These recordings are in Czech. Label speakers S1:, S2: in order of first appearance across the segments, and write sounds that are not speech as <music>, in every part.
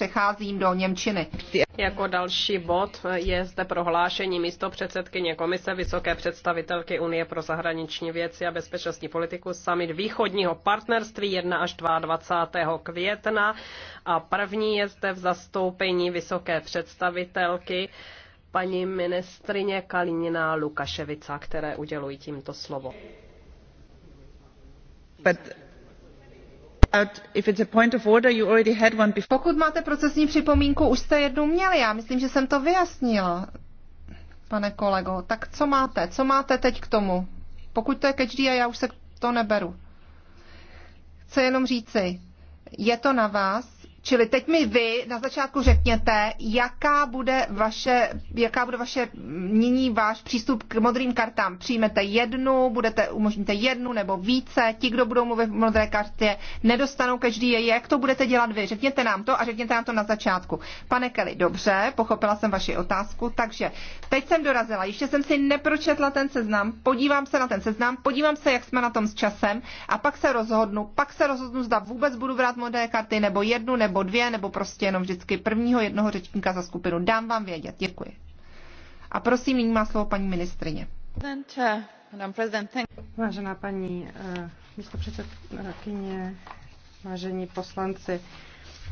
S1: Přecházím do Němčiny.
S2: Jako další bod je zde prohlášení místo předsedkyně Komise Vysoké představitelky Unie pro zahraniční věci a bezpečnostní politiku summit východního partnerství 1 až 22. května a první je zde v zastoupení Vysoké představitelky paní ministrině Kalinina Lukaševica, které udělují tímto slovo.
S1: But pokud máte procesní připomínku, už jste jednu měli. Já myslím, že jsem to vyjasnila, pane kolego. Tak co máte? Co máte teď k tomu? Pokud to je catch a já už se to neberu. Chci jenom říci, je to na vás, Čili teď mi vy na začátku řekněte, jaká bude vaše, jaká bude vaše nyní váš přístup k modrým kartám. Přijmete jednu, budete, umožníte jednu nebo více, ti, kdo budou mluvit v modré kartě, nedostanou každý je. Jak to budete dělat vy? Řekněte nám to a řekněte nám to na začátku. Pane Kelly, dobře, pochopila jsem vaši otázku, takže teď jsem dorazila, ještě jsem si nepročetla ten seznam, podívám se na ten seznam, podívám se, jak jsme na tom s časem a pak se rozhodnu, pak se rozhodnu, zda vůbec budu brát modré karty nebo jednu nebo nebo dvě, nebo prostě jenom vždycky prvního jednoho řečníka za skupinu. Dám vám vědět. Děkuji. A prosím, nyní má slovo paní ministrině.
S3: Vážená paní eh, místopředsedkyně, vážení poslanci,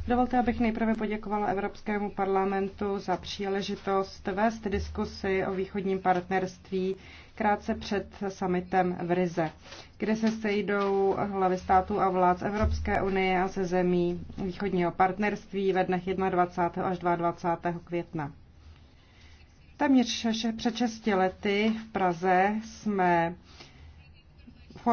S3: Dovolte, abych nejprve poděkovala Evropskému parlamentu za příležitost vést diskusy o východním partnerství, krátce před summitem v Rize, kde se sejdou hlavy států a vlád z Evropské unie a ze zemí východního partnerství ve dnech 21. až 22. května. Téměř před 6 lety v Praze jsme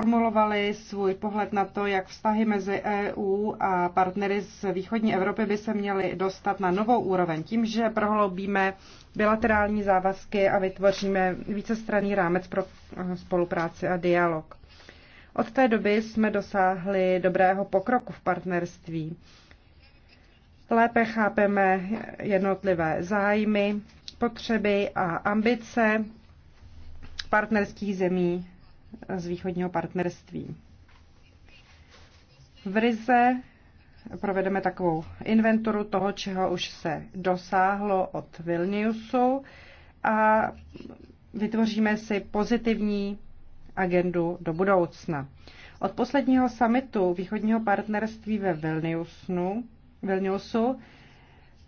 S3: formulovali svůj pohled na to, jak vztahy mezi EU a partnery z východní Evropy by se měly dostat na novou úroveň tím, že prohloubíme bilaterální závazky a vytvoříme vícestranný rámec pro eh, spolupráci a dialog. Od té doby jsme dosáhli dobrého pokroku v partnerství. Lépe chápeme jednotlivé zájmy, potřeby a ambice partnerských zemí z východního partnerství. V Rize provedeme takovou inventuru toho, čeho už se dosáhlo od Vilniusu a vytvoříme si pozitivní agendu do budoucna. Od posledního samitu východního partnerství ve Vilniusnu, Vilniusu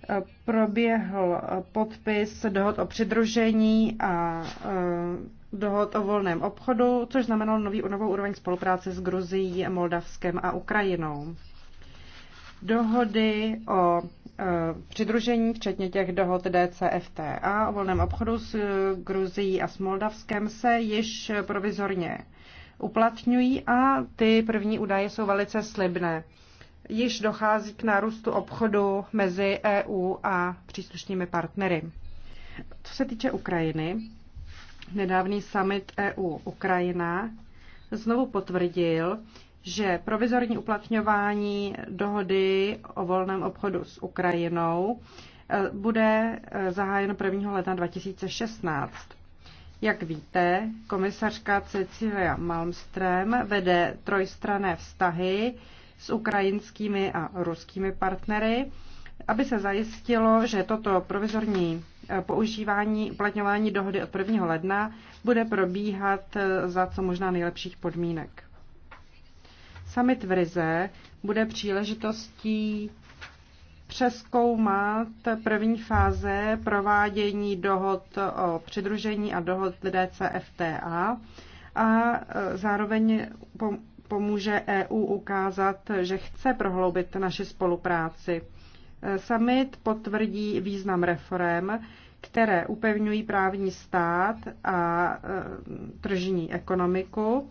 S3: eh, proběhl podpis dohod o přidružení a eh, dohod o volném obchodu, což znamenalo nový, novou úroveň spolupráce s Gruzií, Moldavskem a Ukrajinou. Dohody o e, přidružení, včetně těch dohod DCFTA o volném obchodu s e, Gruzií a s Moldavskem, se již provizorně uplatňují a ty první údaje jsou velice slibné. Již dochází k nárůstu obchodu mezi EU a příslušnými partnery. Co se týče Ukrajiny, nedávný summit EU-Ukrajina znovu potvrdil, že provizorní uplatňování dohody o volném obchodu s Ukrajinou e, bude e, zahájeno 1. ledna 2016. Jak víte, komisařka Cecilia Malmström vede trojstrané vztahy s ukrajinskými a ruskými partnery, aby se zajistilo, že toto provizorní používání, uplatňování dohody od 1. ledna bude probíhat eh, za co možná nejlepších podmínek. Summit v Rize bude příležitostí přeskoumat první fáze provádění dohod o přidružení a dohod DCFTA a eh, zároveň pomůže EU ukázat, že chce prohloubit naši spolupráci. Summit potvrdí význam reform, které upevňují právní stát a e, tržní ekonomiku,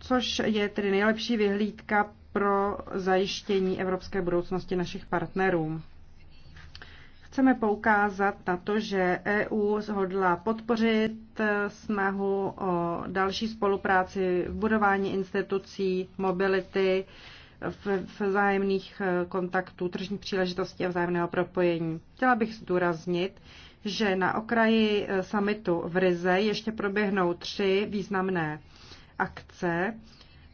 S3: což je tedy nejlepší vyhlídka pro zajištění evropské budoucnosti našich partnerů. Chceme poukázat na to, že EU zhodla podpořit e, snahu o další spolupráci v budování institucí, mobility, v vzájemných eh, kontaktů, tržní příležitosti a vzájemného propojení. Chtěla bych zdůraznit, že na okraji eh, summitu v Rize ještě proběhnou tři významné akce.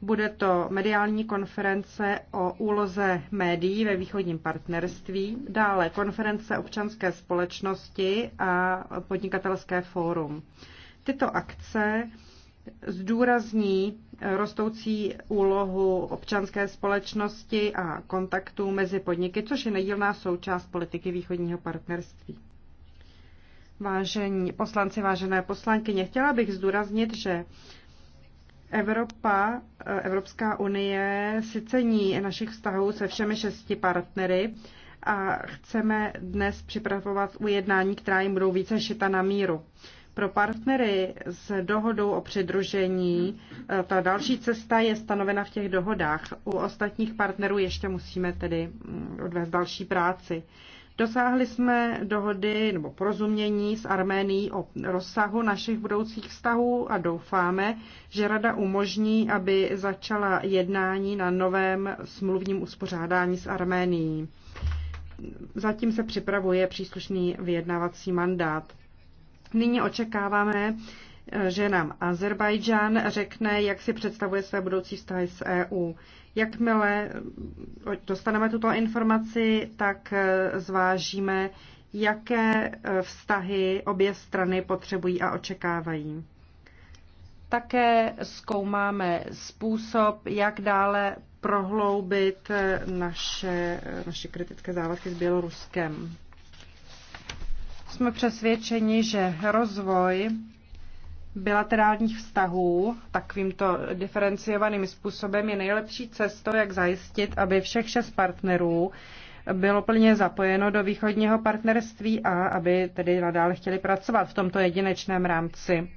S3: Bude to mediální konference o úloze médií ve východním partnerství, dále konference občanské společnosti a podnikatelské fórum. Tyto akce zdůrazní rostoucí úlohu občanské společnosti a kontaktů mezi podniky, což je nedílná součást politiky východního partnerství. Vážení poslanci, vážené poslankyně, chtěla bych zdůraznit, že Evropa, Evropská unie si cení našich vztahů se všemi šesti partnery a chceme dnes připravovat ujednání, která jim budou více šita na míru. Pro partnery s dohodou o přidružení eh, ta další cesta je stanovena v těch dohodách. U ostatních partnerů ještě musíme tedy mm, odvést další práci. Dosáhli jsme dohody nebo porozumění s Arménií o rozsahu našich budoucích vztahů a doufáme, že Rada umožní, aby začala jednání na novém smluvním uspořádání s Arménií. Zatím se připravuje příslušný vyjednávací mandát. Nyní očekáváme, že nám Azerbajdžán řekne, jak si představuje své budoucí vztahy s EU. Jakmile dostaneme tuto informaci, tak zvážíme, jaké vztahy obě strany potřebují a očekávají. Také zkoumáme způsob, jak dále prohloubit naše, naše kritické závazky s Běloruskem jsme přesvědčeni, že rozvoj bilaterálních vztahů takovýmto diferenciovaným způsobem je nejlepší cestou, jak zajistit, aby všech šest partnerů bylo plně zapojeno do východního partnerství a aby tedy nadále chtěli pracovat v tomto jedinečném rámci.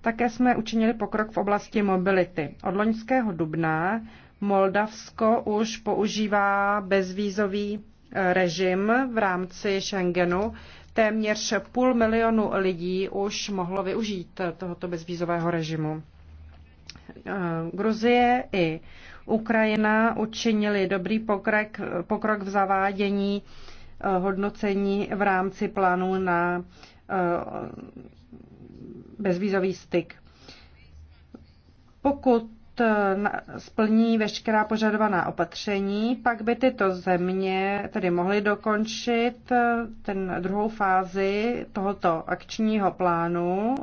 S3: Také jsme učinili pokrok v oblasti mobility. Od loňského dubna Moldavsko už používá bezvízový režim v rámci Schengenu téměř půl milionu lidí už mohlo využít tohoto bezvízového režimu. Gruzie i Ukrajina učinili dobrý pokrok, pokrok v zavádění eh, hodnocení v rámci plánu na eh, bezvízový styk. Pokud Eh, splní veškerá požadovaná opatření, pak by tyto země tedy mohly dokončit eh, ten druhou fázi tohoto akčního plánu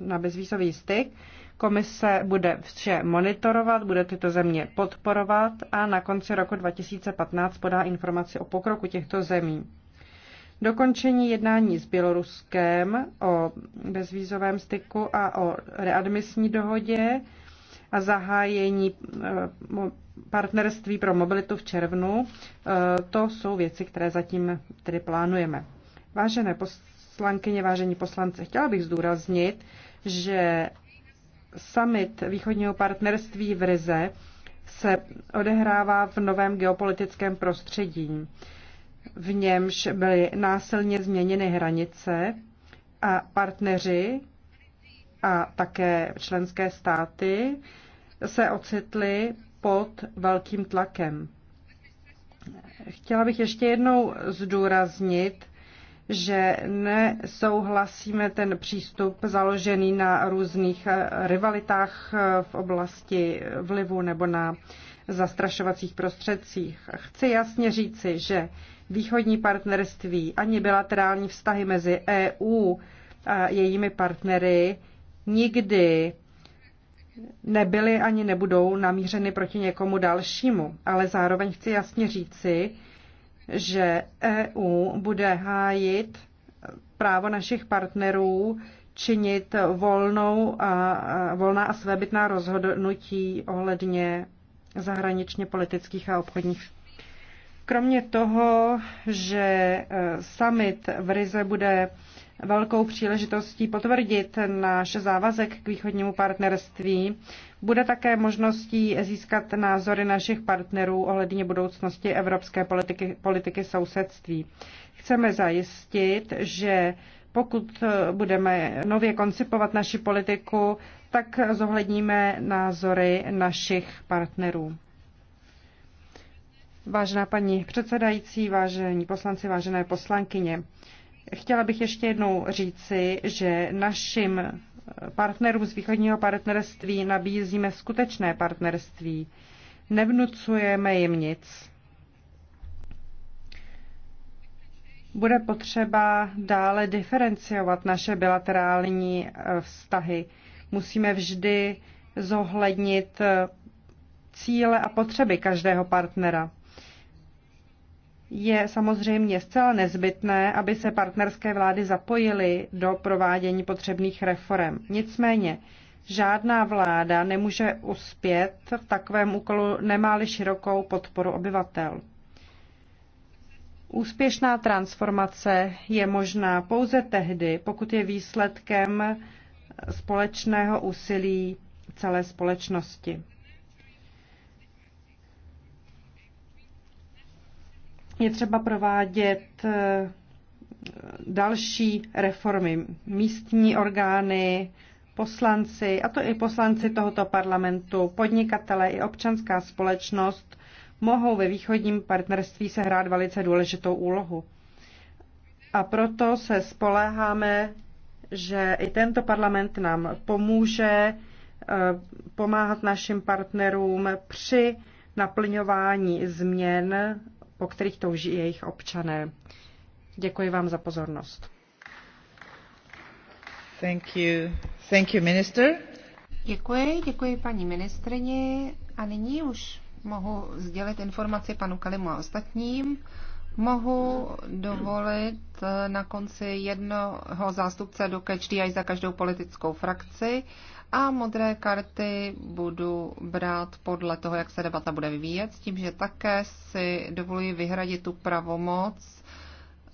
S3: na bezvízový styk. Komise bude vše monitorovat, bude tyto země podporovat a na konci roku 2015 podá informaci o pokroku těchto zemí. Dokončení jednání s Běloruskem o bezvízovém styku a o readmisní dohodě a zahájení eh, partnerství pro mobilitu v červnu. Eh, to jsou věci, které zatím tedy plánujeme. Vážené poslankyně, vážení poslanci, chtěla bych zdůraznit, že summit východního partnerství v Rize se odehrává v novém geopolitickém prostředí. V němž byly násilně změněny hranice a partneři, a také členské státy se ocitly pod velkým tlakem. Chtěla bych ještě jednou zdůraznit, že nesouhlasíme ten přístup založený na různých rivalitách v oblasti vlivu nebo na zastrašovacích prostředcích. Chci jasně říci, že východní partnerství ani bilaterální vztahy mezi EU a jejími partnery nikdy nebyly ani nebudou namířeny proti někomu dalšímu. Ale zároveň chci jasně říci, že EU bude hájit právo našich partnerů činit volnou a, volná a svébytná rozhodnutí ohledně zahraničně politických a obchodních. Kromě toho, že e, summit v Rize bude velkou příležitostí potvrdit náš závazek k východnímu partnerství. Bude také možností získat názory našich partnerů ohledně budoucnosti evropské politiky, politiky sousedství. Chceme zajistit, že pokud budeme nově koncipovat naši politiku, tak zohledníme názory našich partnerů. Vážená paní předsedající, vážení poslanci, vážené poslankyně, Chtěla bych ještě jednou říci, že našim partnerům z východního partnerství nabízíme skutečné partnerství. Nevnucujeme jim nic. Bude potřeba dále diferenciovat naše bilaterální eh, vztahy. Musíme vždy zohlednit eh, cíle a potřeby každého partnera je samozřejmě zcela nezbytné, aby se partnerské vlády zapojily do provádění potřebných reform. Nicméně žádná vláda nemůže uspět v takovém úkolu, nemá-li širokou podporu obyvatel. Úspěšná transformace je možná pouze tehdy, pokud je výsledkem společného úsilí celé společnosti. je třeba provádět eh, další reformy. Místní orgány, poslanci, a to i poslanci tohoto parlamentu, podnikatele i občanská společnost mohou ve východním partnerství sehrát velice důležitou úlohu. A proto se spoléháme, že i tento parlament nám pomůže eh, pomáhat našim partnerům při naplňování změn po kterých touží jejich občané. Děkuji vám za pozornost.
S4: Thank you. Thank you, minister.
S1: Děkuji, děkuji paní ministrině a nyní už mohu sdělit informaci panu Kalimu a ostatním. Mohu dovolit na konci jednoho zástupce do KHDI za každou politickou frakci a modré karty budu brát podle toho, jak se debata bude vyvíjet, s tím, že také si dovoluji vyhradit tu pravomoc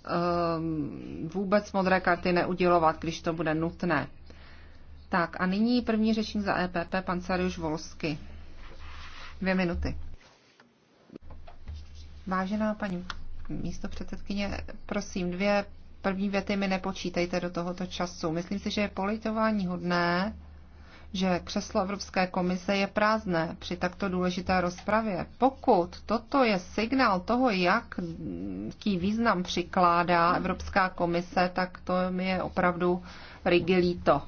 S1: ehm, vůbec modré karty neudělovat, když to bude nutné. Tak a nyní první řečník za EPP, pan Sariuš Volsky. Dvě minuty. Vážená paní místo předsedkyně, prosím, dvě první věty mi nepočítejte do tohoto času. Myslím si, že je politování hodné, že křeslo Evropské komise je prázdné při takto důležité rozpravě. Pokud toto je signál toho, jaký význam přikládá Evropská komise, tak to mi je opravdu rigilíto.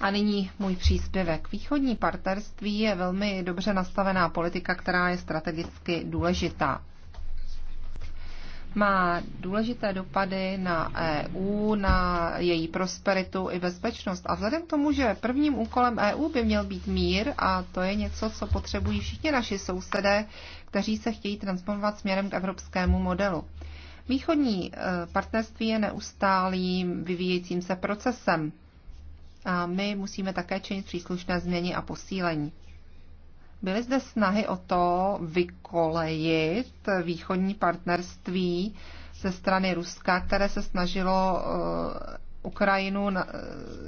S1: A nyní můj příspěvek. Východní partnerství je velmi dobře nastavená politika, která je strategicky důležitá má důležité dopady na EU, na její prosperitu i bezpečnost. A vzhledem k tomu, že prvním úkolem EU by měl být mír, a to je něco, co potřebují všichni naši sousedé, kteří se chtějí transformovat směrem k evropskému modelu. Východní e, partnerství je neustálým vyvíjejícím se procesem a my musíme také činit příslušné změny a posílení. Byly zde snahy o to vykolejit východní partnerství ze strany Ruska, které se snažilo eh, Ukrajinu, eh,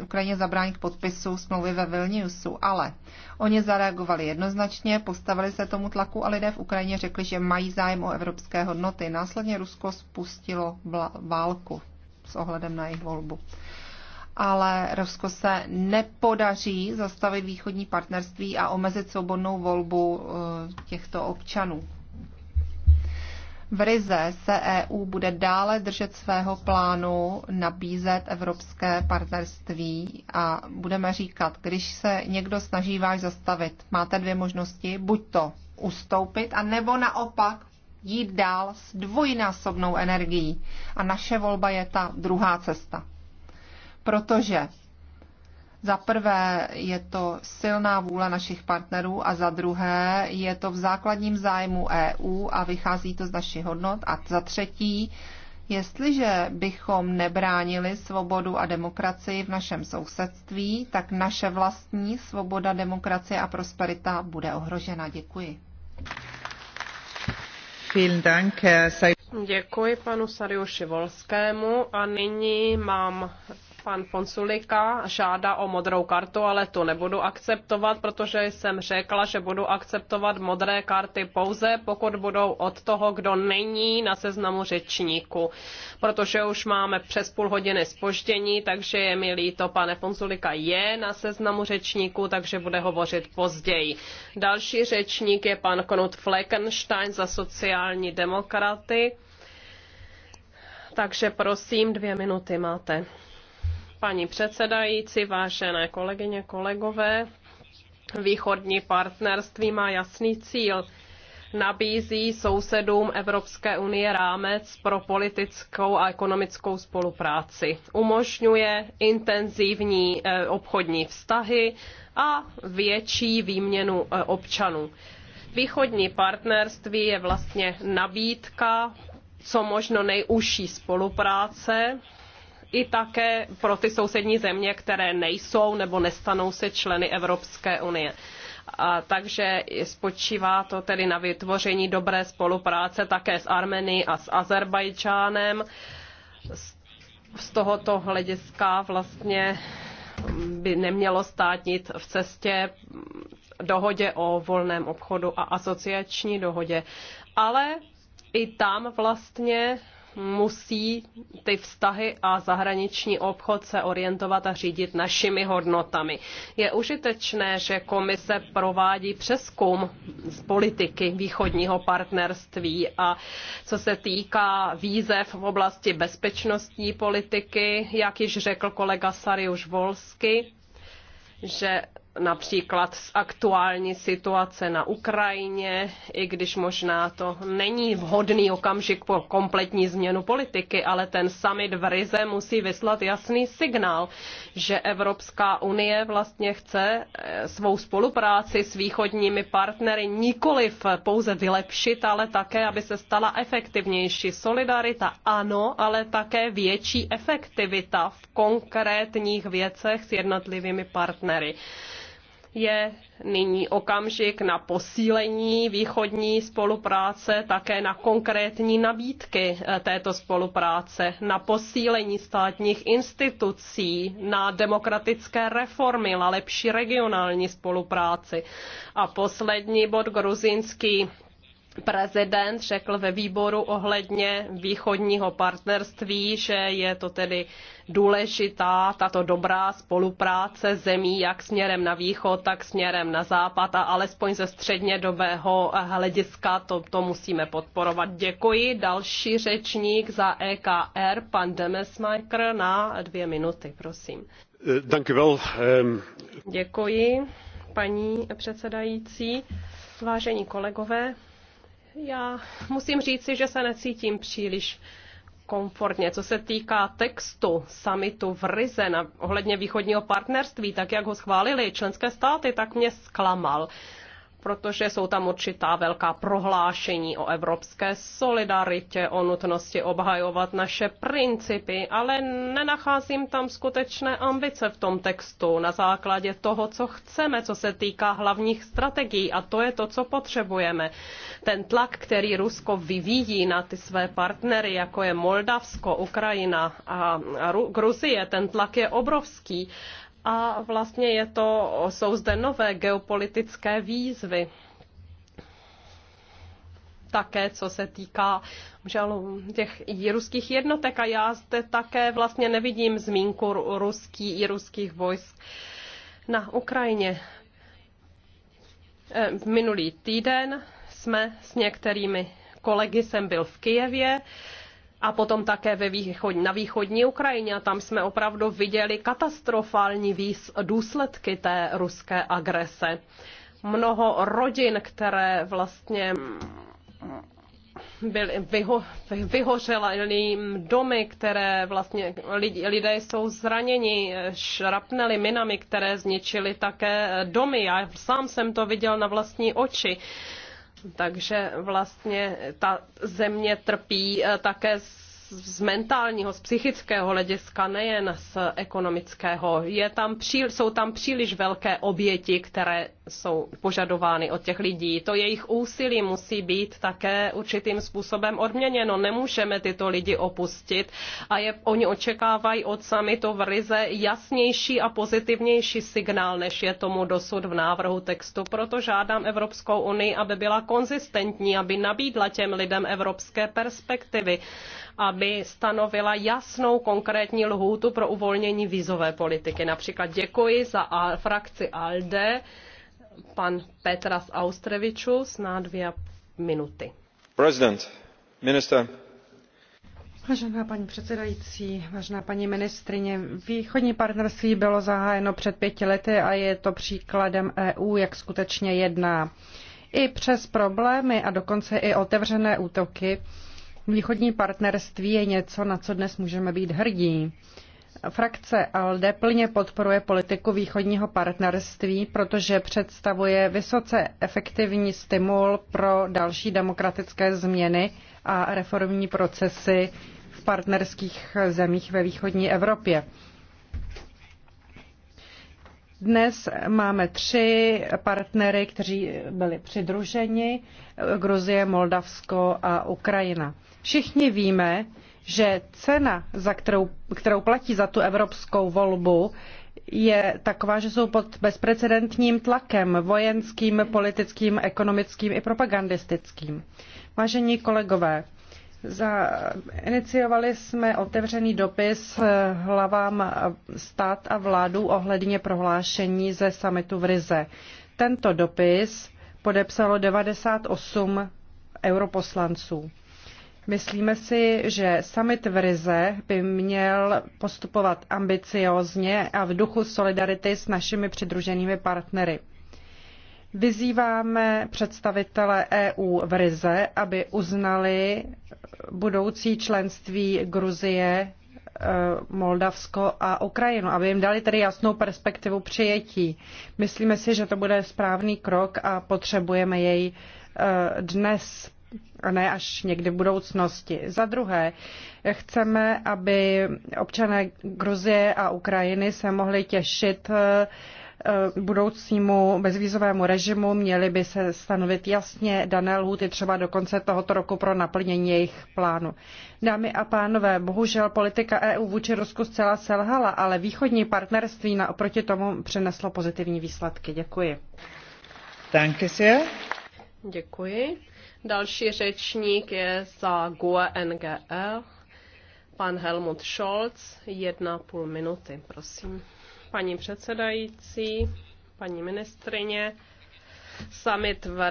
S1: Ukrajině zabránit podpisu smlouvy ve Vilniusu, ale oni zareagovali jednoznačně, postavili se tomu tlaku a lidé v Ukrajině řekli, že mají zájem o evropské hodnoty. Následně Rusko spustilo válku s ohledem na jejich volbu ale Rusko se nepodaří zastavit východní partnerství a omezit svobodnou volbu eh, těchto občanů. V Rize se EU bude dále držet svého plánu nabízet evropské partnerství a budeme říkat, když se někdo snaží váš zastavit, máte dvě možnosti, buď to ustoupit, a nebo naopak jít dál s dvojnásobnou energií. A naše volba je ta druhá cesta protože za prvé je to silná vůle našich partnerů a za druhé je to v základním zájmu EU a vychází to z našich hodnot a za třetí, jestliže bychom nebránili svobodu a demokracii v našem sousedství, tak naše vlastní svoboda, demokracie a prosperita bude ohrožena. Děkuji.
S2: Děkuji panu Sariuši Volskému a nyní mám Pan Fonsulika žádá o modrou kartu, ale to nebudu akceptovat, protože jsem řekla, že budu akceptovat modré karty pouze, pokud budou od toho, kdo není na seznamu řečníku. Protože už máme přes půl hodiny spoždění, takže je mi líto, pane Fonsulika je na seznamu řečníku, takže bude hovořit později. Další řečník je pan Knut Fleckenstein za sociální demokraty. Takže prosím, dvě minuty máte. Paní předsedající, vážené kolegyně, kolegové, východní partnerství má jasný cíl. Nabízí sousedům Evropské unie rámec pro politickou a ekonomickou spolupráci. Umožňuje intenzivní eh, obchodní vztahy a větší výměnu eh, občanů. Východní partnerství je vlastně nabídka co možno nejužší spolupráce i také pro ty sousední země, které nejsou nebo nestanou se členy Evropské unie. A takže spočívá to tedy na vytvoření dobré spolupráce také s Armenií a s Azerbajdžánem. Z tohoto hlediska vlastně by nemělo stát nic v cestě mm, dohodě o volném obchodu a asociační dohodě. Ale i tam vlastně musí ty vztahy a zahraniční obchod se orientovat a řídit našimi hodnotami. Je užitečné, že komise provádí přeskum z politiky východního partnerství a co se týká výzev v oblasti bezpečnostní politiky, jak již řekl kolega Sariuš Volsky, že například z aktuální situace na Ukrajině, i když možná to není vhodný okamžik pro kompletní změnu politiky, ale ten summit v Rize musí vyslat jasný signál, že Evropská unie vlastně chce eh, svou spolupráci s východními partnery nikoliv pouze vylepšit, ale také, aby se stala efektivnější. Solidarita ano, ale také větší efektivita v konkrétních věcech s jednotlivými partnery je nyní okamžik na posílení východní spolupráce, také na konkrétní nabídky eh, této spolupráce, na posílení státních institucí, na demokratické reformy, na lepší regionální spolupráci. A poslední bod gruzínský prezident řekl ve výboru ohledně východního partnerství, že je to tedy důležitá tato dobrá spolupráce zemí jak směrem na východ, tak směrem na západ a alespoň ze střednědobého hlediska to, to musíme podporovat. Děkuji. Další řečník za EKR, pan Demesmajkr na dvě minuty, prosím.
S5: Eh, ehm.
S2: Děkuji, paní předsedající. Vážení kolegové, já musím říci, že se necítím příliš komfortně. Co se týká textu samitu v Rize na, ohledně východního partnerství, tak jak ho schválili členské státy, tak mě zklamal protože jsou tam určitá velká prohlášení o evropské solidaritě, o nutnosti obhajovat naše principy, ale nenacházím tam skutečné ambice v tom textu na základě toho, co chceme, co se týká hlavních strategií a to je to, co potřebujeme. Ten tlak, který Rusko vyvíjí na ty své partnery, jako je Moldavsko, Ukrajina a Gruzie, ten tlak je obrovský a vlastně je to, jsou zde nové geopolitické výzvy. Také co se týká žalů těch ruských jednotek a já zde také vlastně nevidím zmínku ruský i ruských vojsk na Ukrajině. V eh, Minulý týden jsme s některými kolegy jsem byl v Kijevě a potom také ve východ, na východní Ukrajině. A tam jsme opravdu viděli katastrofální výs, důsledky té ruské agrese. Mnoho rodin, které vlastně byly vyho, vyhořely domy, které vlastně lidi, lidé jsou zraněni šrapneli minami, které zničily také domy. Já sám jsem to viděl na vlastní oči takže vlastně ta země trpí eh, také z mentálního, z psychického hlediska, nejen z ekonomického. Je tam příli, jsou tam příliš velké oběti, které jsou požadovány od těch lidí. To jejich úsilí musí být také určitým způsobem odměněno. Nemůžeme tyto lidi opustit a je, oni očekávají od samitu v ryze jasnější a pozitivnější signál, než je tomu dosud v návrhu textu. Proto žádám Evropskou unii, aby byla konzistentní, aby nabídla těm lidem evropské perspektivy, aby stanovila jasnou konkrétní lhůtu pro uvolnění vízové politiky. Například děkuji za frakci ALDE pan Petras
S3: Austrevičus na dvě minuty.
S5: President, minister,
S3: Vážená paní předsedající, vážená paní ministrině, východní partnerství bylo zahájeno před pěti lety a je to příkladem EU, jak skutečně jedná. I přes problémy a dokonce i otevřené útoky, východní partnerství je něco, na co dnes můžeme být hrdí. Frakce ALDE plně podporuje politiku východního partnerství, protože představuje vysoce efektivní stimul pro další demokratické změny a reformní procesy v partnerských zemích ve východní Evropě. Dnes máme tři partnery, kteří byli přidruženi, Gruzie, Moldavsko a Ukrajina. Všichni víme, že cena, za kterou, kterou platí za tu evropskou volbu, je taková, že jsou pod bezprecedentním tlakem vojenským, politickým, ekonomickým i propagandistickým. Vážení kolegové, za, iniciovali jsme otevřený dopis hlavám stát a vládu ohledně prohlášení ze samitu v Rize. Tento dopis podepsalo 98 europoslanců. Myslíme si, že summit v Rize by měl postupovat ambiciozně a v duchu solidarity s našimi přidruženými partnery. Vyzýváme představitele EU v Rize, aby uznali budoucí členství Gruzie, e, Moldavsko a Ukrajinu, aby jim dali tedy jasnou perspektivu přijetí. Myslíme si, že to bude správný krok a potřebujeme jej e, dnes a ne až někdy v budoucnosti. Za druhé, chceme, aby občané Gruzie a Ukrajiny se mohli těšit eh, eh, budoucímu bezvízovému režimu měly by se stanovit jasně dané lhuty třeba do konce tohoto roku pro naplnění jejich plánu. Dámy a pánové, bohužel politika EU vůči Rusku zcela selhala, ale východní partnerství naoproti tomu přineslo pozitivní výsledky. Děkuji. Danke sehr.
S2: Děkuji. Další řečník je za GUE NGL, pan Helmut Scholz, jedna půl minuty, prosím. Paní předsedající, paní ministrině, summit v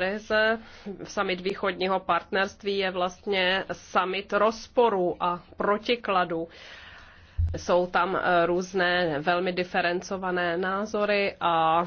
S2: summit východního partnerství je vlastně summit rozporu a protikladu. Jsou tam různé velmi diferencované názory a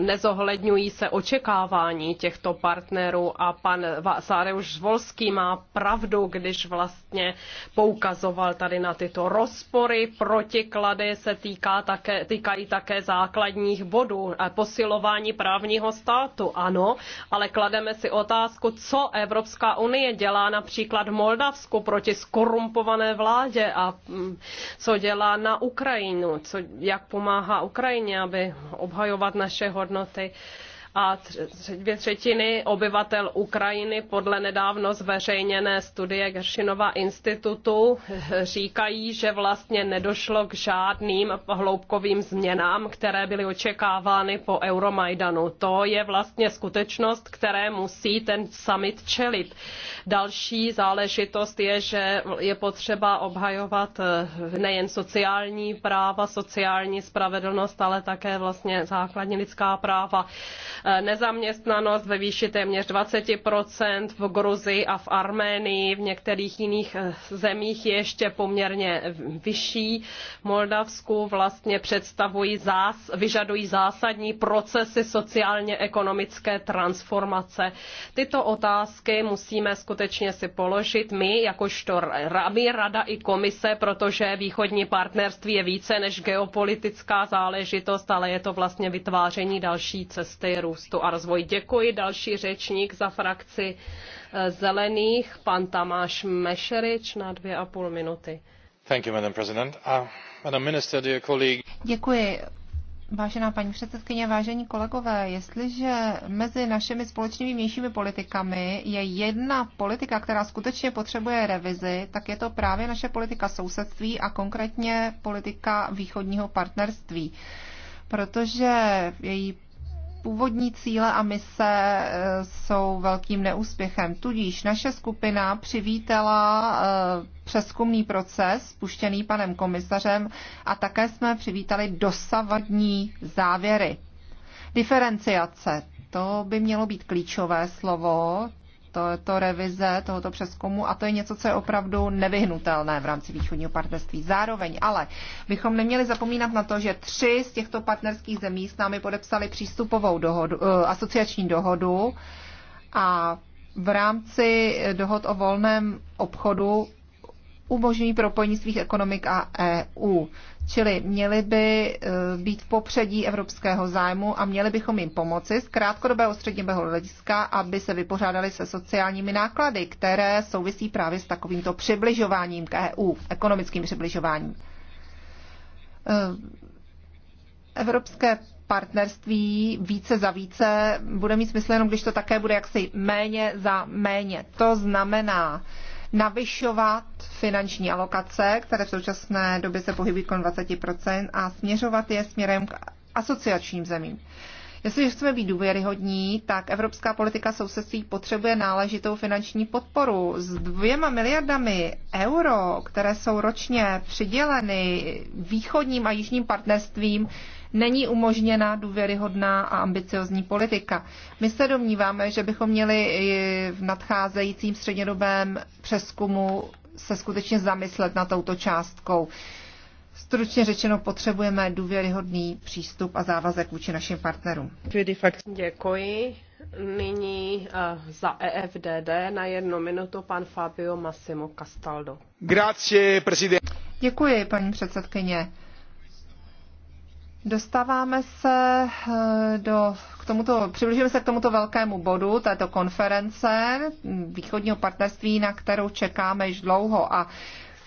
S2: nezohledňují se očekávání těchto partnerů a pan Sáreuš Zvolský má pravdu, když vlastně poukazoval tady na tyto rozpory, protiklady se týká také, týkají také základních bodů a posilování právního státu, ano, ale klademe si otázku, co Evropská unie dělá například v Moldavsku proti skorumpované vládě a mm, co dělá na Ukrajinu, co, jak pomáhá Ukrajině, aby obhajovat naše hodnoty a dvě třetiny obyvatel Ukrajiny podle nedávno zveřejněné studie Geršinova institutu říkají, že vlastně nedošlo k žádným hloubkovým změnám, které byly očekávány po Euromajdanu. To je vlastně skutečnost, které musí ten summit čelit. Další záležitost je, že je potřeba obhajovat eh, nejen sociální práva, sociální spravedlnost, ale také vlastně základní lidská práva nezaměstnanost ve výši téměř 20% v Gruzii a v Arménii, v některých jiných eh, zemích je ještě poměrně vyšší. V Moldavsku vlastně představují zás, vyžadují zásadní procesy sociálně-ekonomické transformace. Tyto otázky musíme skutečně si položit my, jakožto my, Rada i Komise, protože východní partnerství je více než geopolitická záležitost, ale je to vlastně vytváření další cesty růstu růstu a rozvoji. Děkuji další řečník za frakci eh, zelených, pan Tamáš
S1: Mešerič na dvě a půl minuty.
S6: Thank you, Madam President. Uh, Madam Minister, dear colleague.
S1: Děkuji. Vážená paní předsedkyně, vážení kolegové, jestliže mezi našimi společnými vnějšími politikami je jedna politika, která skutečně potřebuje revizi, tak je to právě naše politika sousedství a konkrétně politika východního partnerství protože její Původní cíle a mise eh, jsou velkým neúspěchem, tudíž naše skupina přivítala eh, přeskumný proces spuštěný panem komisařem a také jsme přivítali dosavadní závěry. Diferenciace, to by mělo být klíčové slovo, to, to revize tohoto přeskumu a to je něco, co je opravdu nevyhnutelné v rámci východního partnerství. Zároveň ale bychom neměli zapomínat na to, že tři z těchto partnerských zemí s námi podepsali přístupovou dohodu, eh, asociační dohodu a v rámci dohod o volném obchodu umožňují propojení svých ekonomik a EU. Čili měli by eh, být v popředí evropského zájmu a měli bychom jim pomoci z krátkodobého středního hlediska, aby se vypořádali se sociálními náklady, které souvisí právě s takovýmto přibližováním k EU, ekonomickým přibližováním. Eh, evropské partnerství více za více bude mít smysl jenom, když to také bude jaksi méně za méně. To znamená, navyšovat finanční alokace, které v současné době se pohybují kolem 20%, a směřovat je směrem k asociačním zemím. Jestliže chceme být důvěryhodní, tak evropská politika sousedství potřebuje náležitou finanční podporu. S dvěma miliardami euro, které jsou ročně přiděleny východním a jižním partnerstvím, není umožněna důvěryhodná a ambiciozní politika. My se domníváme, že bychom měli v nadcházejícím střednědobém přeskumu se skutečně zamyslet na touto částkou. Stručně řečeno, potřebujeme důvěryhodný přístup a závazek vůči našim partnerům. Děkuji.
S2: Nyní eh, za EFDD na jednu minutu pan Fabio Massimo
S6: Castaldo. Grazie,
S1: Děkuji, paní předsedkyně. Dostáváme se eh, do, k tomuto, přibližujeme se k tomuto velkému bodu této konference východního partnerství, na kterou čekáme již dlouho a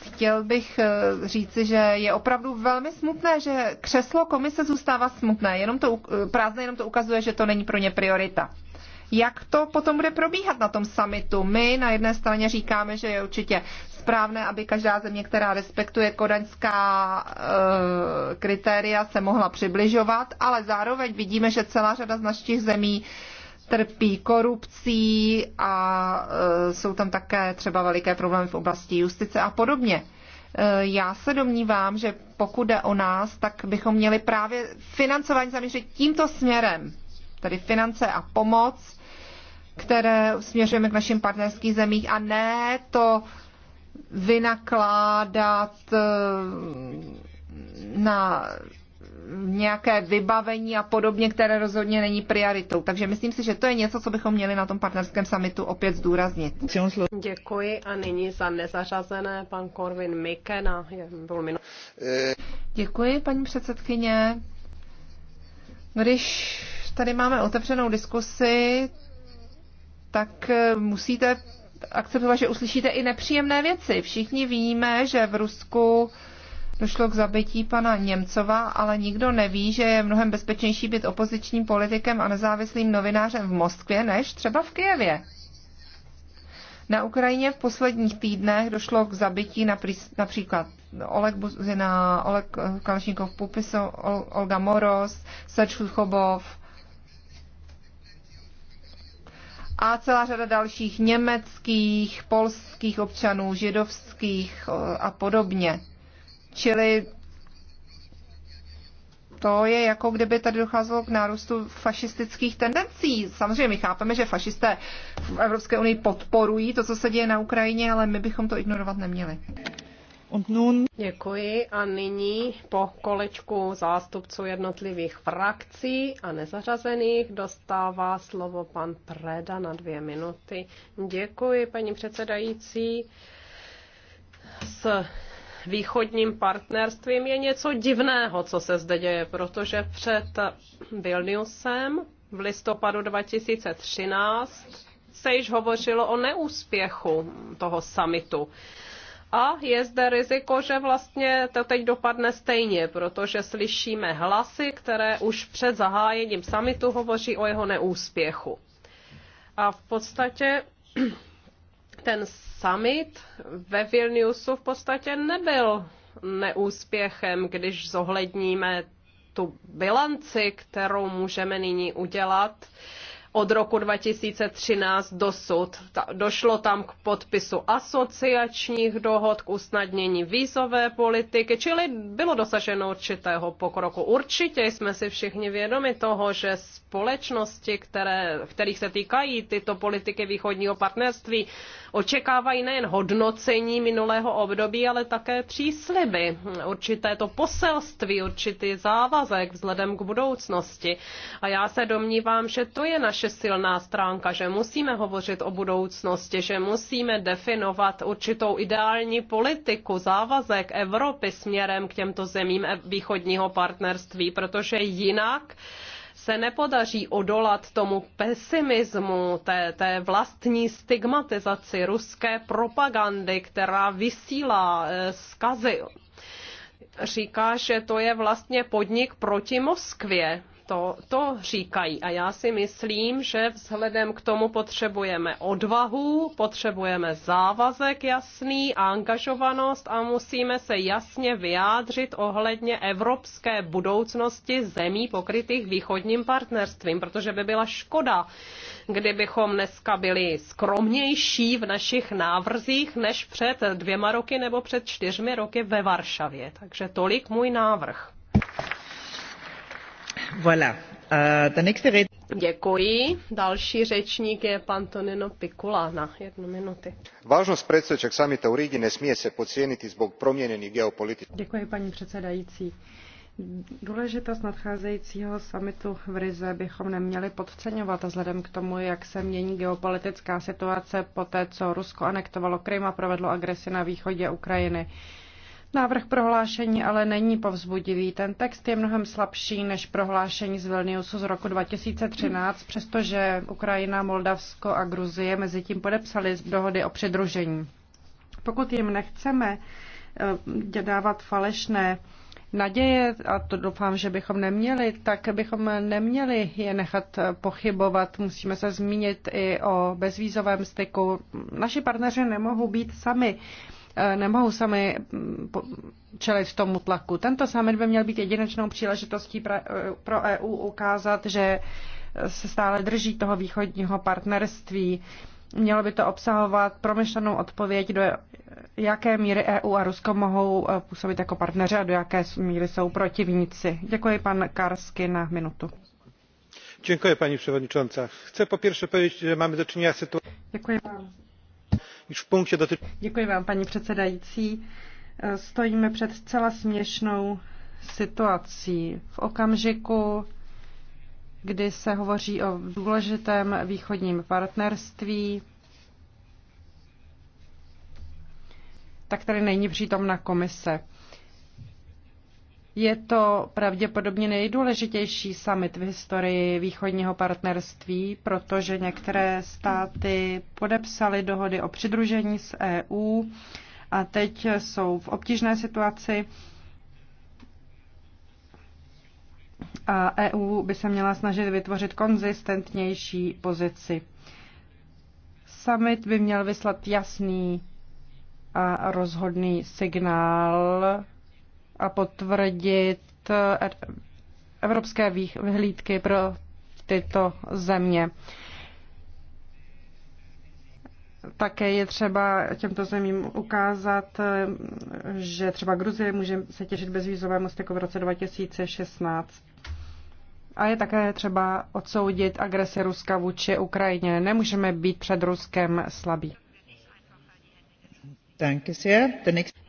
S1: chtěl bych eh, říci, že je opravdu velmi smutné, že křeslo komise zůstává smutné, jenom to, eh, prázdné jenom to ukazuje, že to není pro ně priorita. Jak to potom bude probíhat na tom summitu? My na jedné straně říkáme, že je určitě správné, aby každá země, která respektuje kodaňská e, kritéria, se mohla přibližovat, ale zároveň vidíme, že celá řada z našich zemí trpí korupcí a e, jsou tam také třeba veliké problémy v oblasti justice a podobně. Eh, já se domnívám, že pokud jde o nás, tak bychom měli právě financování zaměřit tímto směrem, tedy finance a pomoc, které směřujeme k našim partnerským zemích a ne to vynakládat eh, na nějaké vybavení a podobně, které rozhodně není prioritou. Takže myslím si, že to je něco, co bychom měli na tom partnerském samitu opět zdůraznit.
S2: Děkuji a nyní za nezařazené pan Korvin Mikke
S1: Děkuji, paní předsedkyně. Když tady máme otevřenou diskusi, tak eh, musíte akceptovat, že uslyšíte i nepříjemné věci. Všichni víme, že v Rusku došlo k zabití pana Němcova, ale nikdo neví, že je mnohem bezpečnější být opozičním politikem a nezávislým novinářem v Moskvě než třeba v Kijevě. Na Ukrajině v posledních týdnech došlo k zabití například Oleg Buzina, Oleg Kalašníkov Pupiso, Olga Moros, Sačul Chobov, a celá řada dalších německých, polských občanů, židovských eh, a podobně. Čili to je jako kdyby tady docházelo k nárůstu fašistických tendencí. Samozřejmě my chápeme, že fašisté v Evropské unii podporují to, co se děje na Ukrajině, ale my bychom to ignorovat neměli. Děkuji a nyní po kolečku
S2: zástupců jednotlivých frakcí a nezařazených dostává slovo pan Preda na dvě minuty. Děkuji, paní předsedající. S východním partnerstvím je něco divného, co se zde děje, protože před Vilniusem v listopadu 2013 se již hovořilo o neúspěchu toho samitu. A je zde riziko, že vlastně to teď dopadne stejně, protože slyšíme hlasy, které už před zahájením samitu hovoří o jeho neúspěchu. A v podstatě <clears throat> ten summit ve Vilniusu v podstatě nebyl neúspěchem, když zohledníme tu bilanci, kterou můžeme nyní udělat od roku 2013 dosud. Ta, došlo tam k podpisu asociačních dohod, k usnadnění vízové politiky, čili bylo dosaženo určitého pokroku. Určitě jsme si všichni vědomi toho, že společnosti, které, kterých se týkají tyto politiky východního partnerství, očekávají nejen hodnocení minulého období, ale také přísliby, určité to poselství, určitý závazek vzhledem k budoucnosti. A já se domnívám, že to je naše naše silná stránka, že musíme hovořit o budoucnosti, že musíme definovat určitou ideální politiku, závazek Evropy směrem k těmto zemím e, východního partnerství, protože jinak se nepodaří odolat tomu pesimismu, té, té vlastní stigmatizaci ruské propagandy, která vysílá zkazy. E, Říká, že to je vlastně podnik proti Moskvě to, to říkají. A já si myslím, že vzhledem k tomu potřebujeme odvahu, potřebujeme závazek jasný a angažovanost a musíme se jasně vyjádřit ohledně evropské budoucnosti zemí pokrytých východním partnerstvím, protože by byla škoda, kdybychom dneska byli skromnější v našich návrzích než před dvěma roky nebo před čtyřmi roky ve Varšavě. Takže tolik můj návrh.
S1: Voilà. Uh,
S2: Děkuji. Další řečník je pan Tonino Pikula na jednu minuty.
S5: Vážnost předsedajícího samita u
S6: Rigi nesmí se podcenit zbog proměněných geopolitik.
S3: Děkuji, paní předsedající. Důležitost nadcházejícího samitu v Rize bychom neměli podceňovat vzhledem k tomu, jak se mění geopolitická situace po té, co Rusko anektovalo Krym a provedlo agresi na východě Ukrajiny. Návrh prohlášení ale není povzbudivý. Ten text je mnohem slabší než prohlášení z Vilniusu z roku 2013, přestože Ukrajina, Moldavsko a Gruzie mezi tím podepsali dohody o přidružení. Pokud jim nechceme eh, dávat falešné naděje, a to doufám, že bychom neměli, tak bychom neměli je nechat pochybovat. Musíme se zmínit i o bezvízovém styku. Naši partneři nemohou být sami. E, nemohou sami mm, čelit tomu tlaku. Tento summit by měl být jedinečnou příležitostí e, pro EU ukázat, že se stále drží toho východního partnerství. Mělo by to obsahovat promyšlenou odpověď, do jaké míry EU a Rusko mohou e, působit jako partneři a do jaké míry jsou protivníci. Děkuji pan Karsky na minutu.
S5: Děkuji paní předsedající. Chci po pierwsze powiedzieć, že máme do činění situaci. Děkuji vám. Děkuji vám, paní
S3: předsedající. Eh, stojíme před zcela směšnou situací. V okamžiku, kdy se hovoří o důležitém východním partnerství, tak tady není přítomna komise. Je to pravděpodobně nejdůležitější summit v historii východního partnerství, protože některé státy podepsaly dohody o přidružení s EU a teď jsou v obtížné situaci. A EU by se měla snažit vytvořit konzistentnější pozici. Summit by měl vyslat jasný a rozhodný signál a potvrdit eh, evropské vyhlídky pro tyto země. Také je třeba těmto zemím ukázat, eh, že třeba Gruzie může se těšit bezvízovému styku v roce 2016. A je také třeba odsoudit agresi Ruska vůči Ukrajině. Nemůžeme být před Ruskem slabí.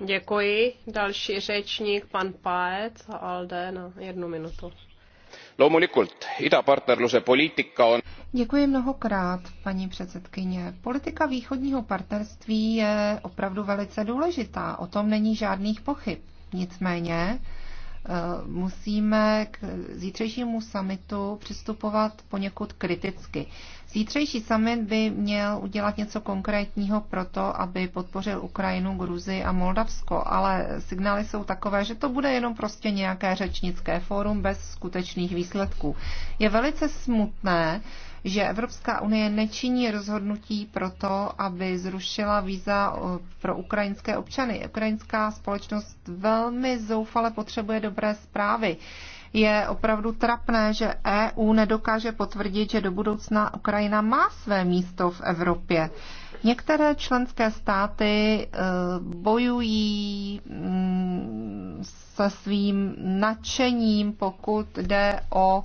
S2: Děkuji. Další řečník, pan Páec, Alde, na jednu minutu.
S5: Loomulikult, no, idapartnerluse poliitika on...
S1: Děkuji mnohokrát, paní předsedkyně. Politika východního partnerství je opravdu velice důležitá, o tom není žádných pochyb. Nicméně, Eh, musíme k zítřejšímu summitu přistupovat poněkud kriticky. Zítřejší summit by měl udělat něco konkrétního pro to, aby podpořil Ukrajinu, Gruzi a Moldavsko, ale signály jsou takové, že to bude jenom prostě nějaké řečnické fórum bez skutečných výsledků. Je velice smutné, že Evropská unie nečiní rozhodnutí pro to, aby zrušila víza pro ukrajinské občany. Ukrajinská společnost velmi zoufale potřebuje dobré zprávy. Je opravdu trapné, že EU nedokáže potvrdit, že do budoucna Ukrajina má své místo v Evropě. Některé členské státy e, bojují mm, se svým nadšením, pokud jde o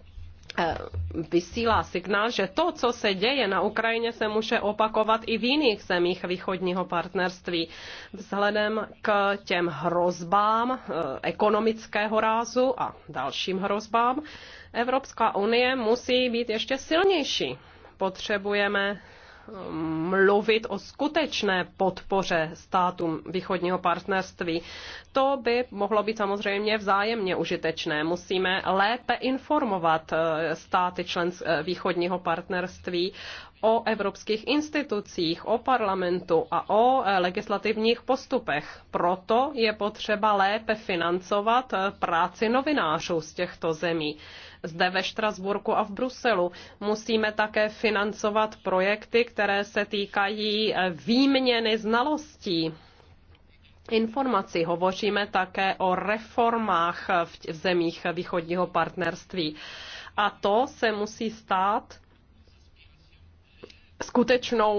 S2: Eh, vysílá signál, že to, co se děje na Ukrajině, se může opakovat i v jiných zemích východního partnerství. Vzhledem k těm hrozbám eh, ekonomického rázu a dalším hrozbám, Evropská unie musí být ještě silnější. Potřebujeme mluvit o skutečné podpoře státům východního partnerství. To by mohlo být samozřejmě vzájemně užitečné. Musíme lépe informovat eh, státy člen eh, východního partnerství o evropských institucích, o parlamentu a o eh, legislativních postupech. Proto je potřeba lépe financovat práci novinářů z těchto zemí zde ve Štrasburku a v Bruselu. Musíme také financovat projekty, které se týkají eh, výměny znalostí informací. Hovoříme také o reformách v zemích východního partnerství. A to se musí stát skutečnou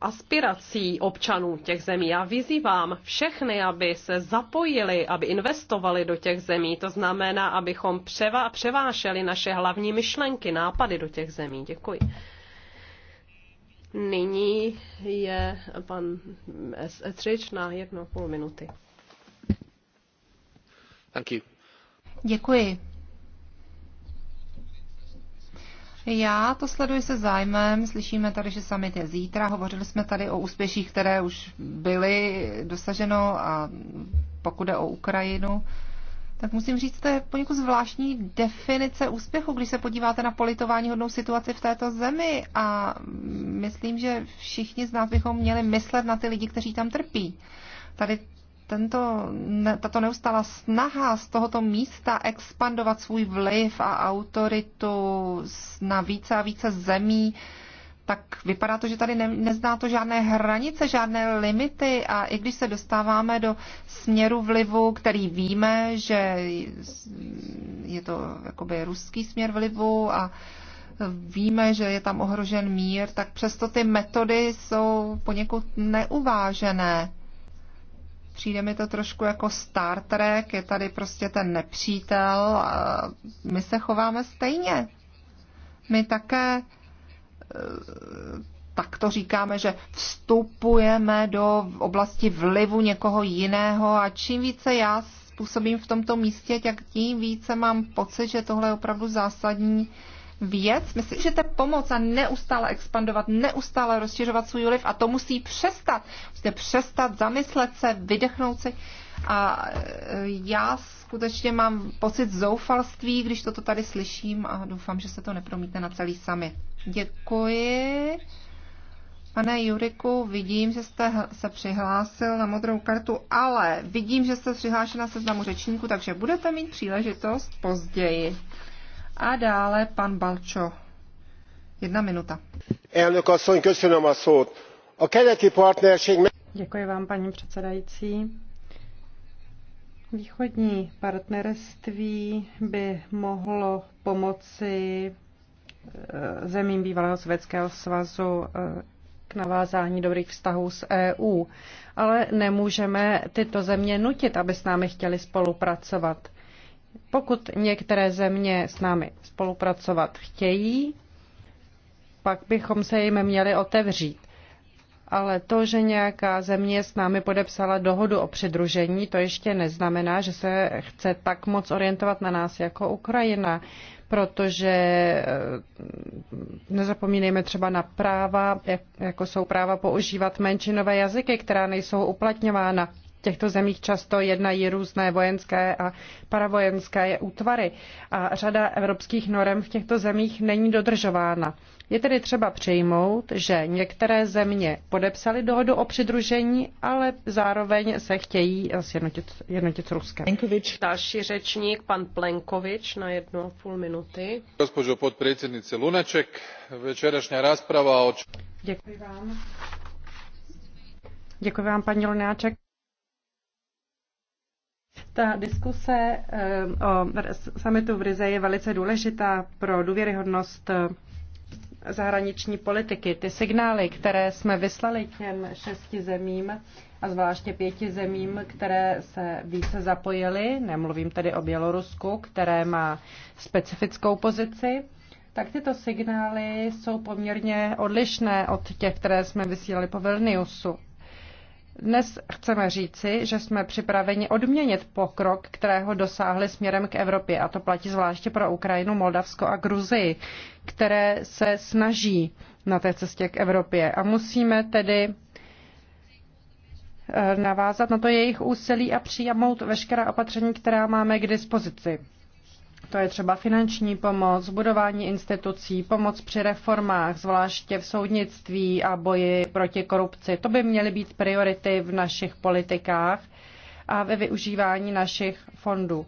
S2: aspirací občanů těch zemí. Já vyzývám všechny, aby se zapojili, aby investovali do těch zemí. To znamená, abychom převa- převášeli naše hlavní myšlenky, nápady do těch zemí. Děkuji. Nyní je pan Etřič na jednu půl minuty.
S1: Thank you. Děkuji. Já to sleduji se zájmem, slyšíme tady, že summit je zítra, hovořili jsme tady o úspěších, které už byly dosaženo a pokud jde o Ukrajinu, tak musím říct, to je poněkud zvláštní definice úspěchu, když se podíváte na politování hodnou situaci v této zemi a myslím, že všichni z nás bychom měli myslet na ty lidi, kteří tam trpí. Tady tento, tato neustála snaha z tohoto místa expandovat svůj vliv a autoritu na více a více zemí, tak vypadá to, že tady ne, nezná to žádné hranice, žádné limity a i když se dostáváme do směru vlivu, který víme, že je to jakoby ruský směr vlivu a víme, že je tam ohrožen mír, tak přesto ty metody jsou poněkud neuvážené. Přijde mi to trošku jako Star Trek, je tady prostě ten nepřítel a my se chováme stejně. My také eh, tak to říkáme, že vstupujeme do oblasti vlivu někoho jiného a čím více já působím v tomto místě, tak tím více mám pocit, že tohle je opravdu zásadní věc. myslím, že ta pomoc a neustále expandovat, neustále rozšiřovat svůj vliv a to musí přestat. Musíte přestat, zamyslet se, vydechnout si. A e, já skutečně mám pocit zoufalství, když toto tady slyším a doufám, že se to nepromítne na celý summit. Děkuji. Pane Juriku, vidím, že jste se přihlásil na modrou kartu, ale vidím, že jste přihlášen na seznamu řečníku, takže budete mít příležitost později. A dále pan Balčo. Jedna minuta.
S5: Elnök asszony, köszönöm a szót. A keleti partnerség...
S3: Děkuji vám, paní předsedající. Východní partnerství by mohlo pomoci eh, zemím bývalého Sovětského svazu eh, k navázání dobrých vztahů s EU. Ale nemůžeme tyto země nutit, aby s námi chtěli spolupracovat. Pokud některé země s námi spolupracovat chtějí, pak bychom se jim měli otevřít. Ale to, že nějaká země s námi podepsala dohodu o přidružení, to ještě neznamená, že se chce tak moc orientovat na nás jako Ukrajina, protože eh, nezapomínejme třeba na práva, jako jsou práva používat menšinové jazyky, která nejsou uplatňována těchto zemích často jednají různé vojenské a paravojenské útvary a řada evropských norem v těchto zemích není dodržována. Je tedy třeba přijmout, že některé země podepsaly dohodu o přidružení, ale zároveň se chtějí sjednotit, jednotit s Ruskem.
S2: Plenkovič. Další řečník, pan Plenkovič, na jednu a půl minuty.
S1: Gospođo podpredsednice Lunaček, večerašnja rasprava o...
S3: Děkuji vám. Děkuji vám, paní Lunáček. Ta diskuse eh, o summitu v Rize je velice důležitá pro důvěryhodnost eh, zahraniční politiky. Ty signály, které jsme vyslali těm šesti zemím a zvláště pěti zemím, které se více zapojily, nemluvím tedy o Bělorusku, které má specifickou pozici, tak tyto signály jsou poměrně odlišné od těch, které jsme vysílali po Vilniusu. Dnes chceme říci, že jsme připraveni odměnit pokrok, kterého dosáhli směrem k Evropě, a to platí zvláště pro Ukrajinu, Moldavsko a Gruzii, které se snaží na té cestě k Evropě. A musíme tedy eh, navázat na to jejich úsilí a přijmout veškerá opatření, která máme k dispozici. To je třeba finanční pomoc, budování institucí, pomoc při reformách, zvláště v soudnictví a boji proti korupci. To by měly být priority v našich politikách a ve využívání našich fondů.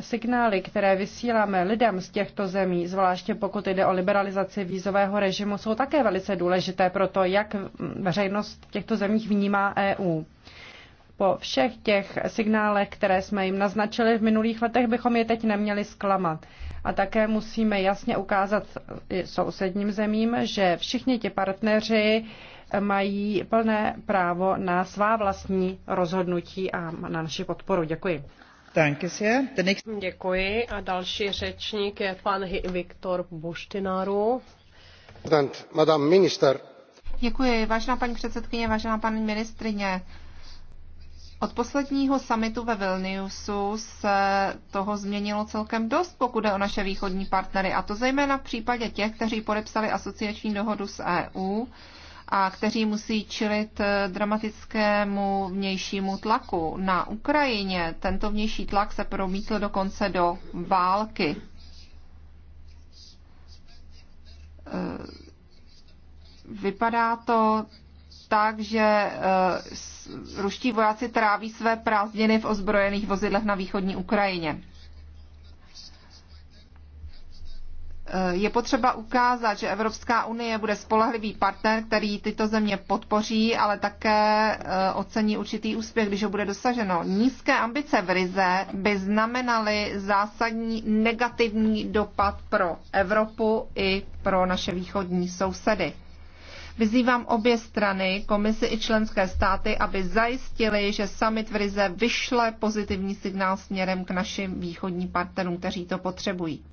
S3: Signály, které vysíláme lidem z těchto zemí, zvláště pokud jde o liberalizaci vízového režimu, jsou také velice důležité pro to, jak veřejnost v těchto zemích vnímá EU po všech těch signálech, které jsme jim naznačili v minulých letech, bychom je teď neměli zklamat. A také musíme jasně ukázat sousedním zemím, že všichni ti partneři mají plné právo na svá vlastní rozhodnutí a na naši podporu. Děkuji.
S2: Děkuji a další řečník je pan
S1: Viktor Buštinaru. Děkuji, vážená paní předsedkyně, vážená paní ministrině. Od posledního samitu ve Vilniusu se toho změnilo celkem dost, pokud je o naše východní partnery, a to zejména v případě těch, kteří podepsali asociační dohodu s EU a kteří musí čelit eh, dramatickému vnějšímu tlaku. Na Ukrajině tento vnější tlak se promítl dokonce do války. Eh, vypadá to tak, že eh, ruští vojáci tráví své prázdniny v ozbrojených vozidlech na východní Ukrajině. Eh, je potřeba ukázat, že Evropská unie bude spolehlivý partner, který tyto země podpoří, ale také eh, ocení určitý úspěch, když ho bude dosaženo. Nízké ambice v Rize by znamenaly zásadní negativní dopad pro Evropu i pro naše východní sousedy. Vyzývám obě strany, komisi i členské státy, aby zajistili, že summit v Rize vyšle pozitivní signál směrem k našim východním partnerům, kteří to potřebují.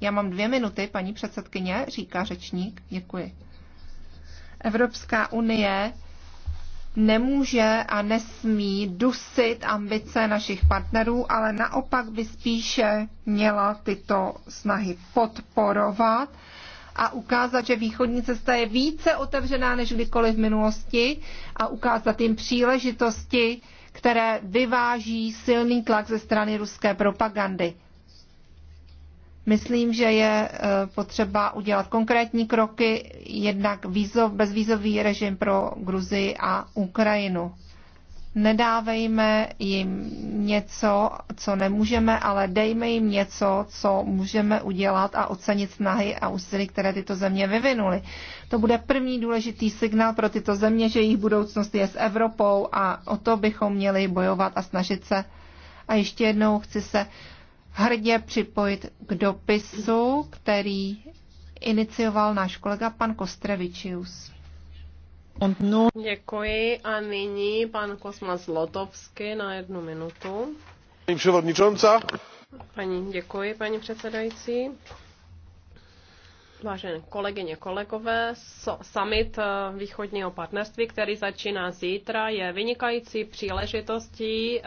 S1: Já mám dvě minuty, paní předsedkyně, říká řečník. Děkuji. Evropská unie nemůže a nesmí dusit ambice našich partnerů, ale naopak by spíše měla tyto snahy podporovat a ukázat, že východní cesta je více otevřená než kdykoliv v minulosti a ukázat jim příležitosti, které vyváží silný tlak ze strany ruské propagandy. Myslím, že je eh, potřeba udělat konkrétní kroky, jednak vízov, bezvízový režim pro Gruzii a Ukrajinu nedávejme jim něco, co nemůžeme, ale dejme jim něco, co můžeme udělat a ocenit snahy a úsilí, které tyto země vyvinuly. To bude první důležitý signál pro tyto země, že jejich budoucnost je s Evropou a o to bychom měli bojovat a snažit se. A ještě jednou chci se hrdě připojit k dopisu, který inicioval náš kolega pan Kostrevičius.
S2: Děkuji a nyní pan Kosmas Lotovsky na jednu minutu.
S5: Paní předsedající.
S2: Paní, děkuji, paní předsedající. Vážené kolegyně, kolegové, summit eh, východního partnerství, který začíná zítra, je vynikající příležitostí eh,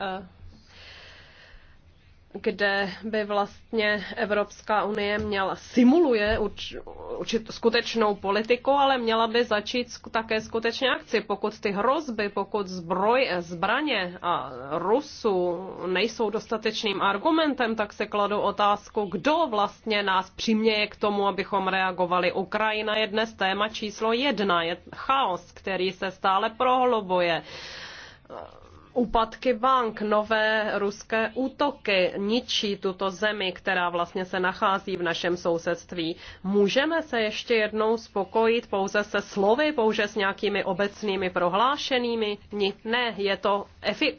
S2: kde by vlastně Evropská unie měla simuluje urč, určit, skutečnou politiku, ale měla by začít také skutečně akci. Pokud ty hrozby, pokud zbroj, eh, zbraně a Rusu nejsou dostatečným argumentem, tak se kladu otázku, kdo vlastně nás přiměje k tomu, abychom reagovali. Ukrajina je dnes téma číslo jedna, je chaos, který se stále prohlubuje úpadky bank, nové ruské útoky ničí tuto zemi, která vlastně se nachází v našem sousedství. Můžeme se ještě jednou spokojit pouze se slovy, pouze s nějakými obecnými prohlášenými? Ne, je to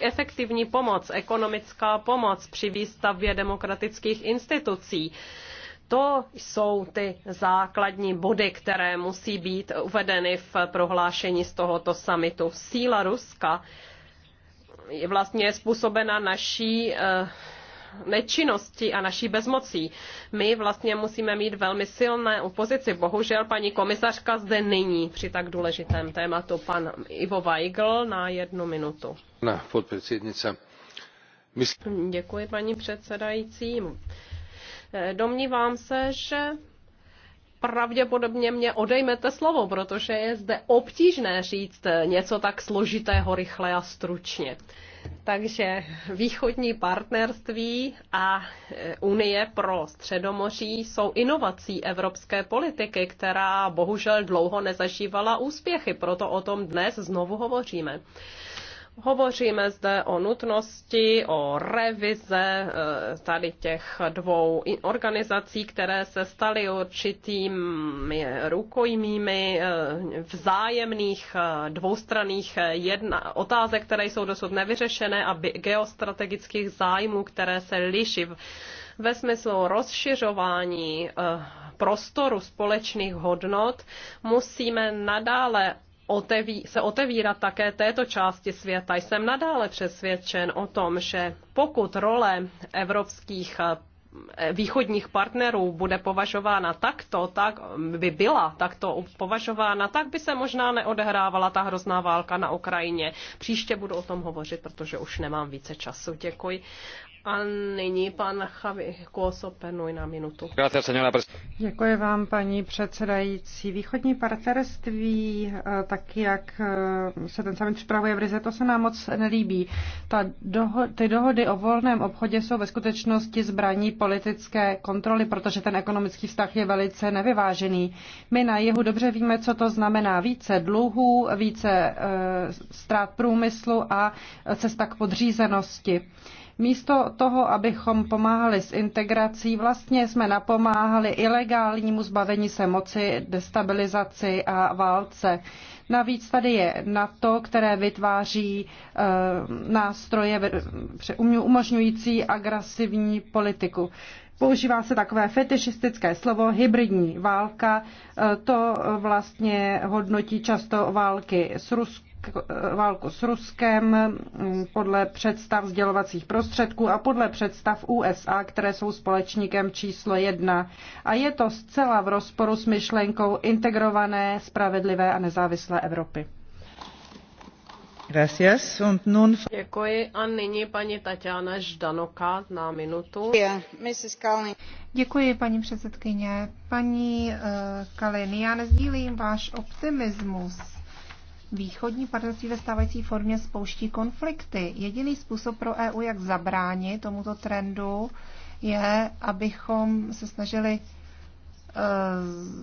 S2: efektivní pomoc, ekonomická pomoc při výstavbě demokratických institucí to jsou ty základní body, které musí být uvedeny v prohlášení z tohoto samitu. Síla Ruska vlastně je způsobena naší eh, nečinnosti a naší bezmocí. My vlastně musíme mít velmi silné opozici. Bohužel paní komisařka zde není při tak důležitém tématu. Pan Ivo Weigl na jednu minutu.
S6: Na podpředsednice. Mysl...
S2: Děkuji paní předsedající. Eh, domnívám se, že pravděpodobně mě odejmete slovo, protože je zde obtížné říct něco tak složitého rychle a stručně. Takže východní partnerství a e, Unie pro středomoří jsou inovací evropské politiky, která bohužel dlouho nezažívala úspěchy, proto o tom dnes znovu hovoříme. Hovoříme zde o nutnosti, o revize eh, tady těch dvou organizací, které se staly určitými rukojmími eh, vzájemných eh, dvoustranných jedna, otázek, které jsou dosud nevyřešené a geostrategických zájmů, které se liší ve smyslu rozšiřování prostoru společných hodnot musíme nadále oteví, se otevírat také této části světa. Jsem nadále přesvědčen o tom, že pokud role evropských eh, východních partnerů bude považována takto, tak by byla takto považována, tak by se možná neodehrávala ta hrozná válka na Ukrajině. Příště budu o tom hovořit, protože už nemám více času. Děkuji.
S3: Děkuji vám, paní předsedající. Východní partnerství, eh, tak jak eh, se ten summit připravuje v Rize, to se nám moc nelíbí. Ta doho- ty dohody o volném obchodě jsou ve skutečnosti zbraní politické kontroly, protože ten ekonomický vztah je velice nevyvážený. My na jihu dobře víme, co to znamená. Více dluhů, více e, průmyslu a cesta k podřízenosti. Místo toho, abychom pomáhali s integrací, vlastně jsme napomáhali ilegálnímu zbavení se moci, destabilizaci a válce. Navíc tady je NATO, které vytváří eh, nástroje umožňující agresivní politiku. Používá se takové fetišistické slovo hybridní válka. Eh, to eh, vlastně hodnotí často války s Ruskou jako, e, válku s Ruskem podle představ sdělovacích prostředků a podle představ USA, které jsou společníkem číslo jedna. A je to zcela v rozporu s myšlenkou integrované, spravedlivé a nezávislé Evropy. Děkuji
S2: a nyní paní Tatiana Ždanoka na minutu.
S1: Děkuji, paní předsedkyně. Paní uh, e, Kalin, já nezdílím váš optimismus východní partnerství ve stávající formě spouští konflikty. Jediný způsob pro EU, jak zabránit tomuto trendu, je, abychom se snažili e,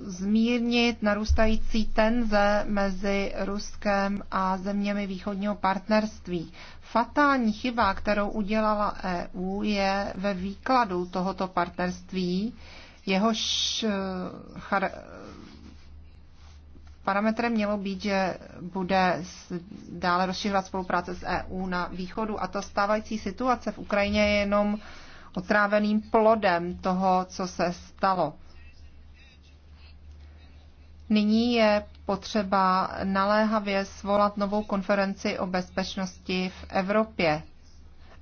S1: zmírnit narůstající tenze mezi Ruskem a zeměmi východního partnerství. Fatální chyba, kterou udělala EU, je ve výkladu tohoto partnerství, jehož e, parametrem mělo být, že bude dále rozšiřovat spolupráce s EU na východu a ta stávající situace v Ukrajině je jenom otráveným plodem toho, co se stalo. Nyní je potřeba naléhavě svolat novou konferenci o bezpečnosti v Evropě.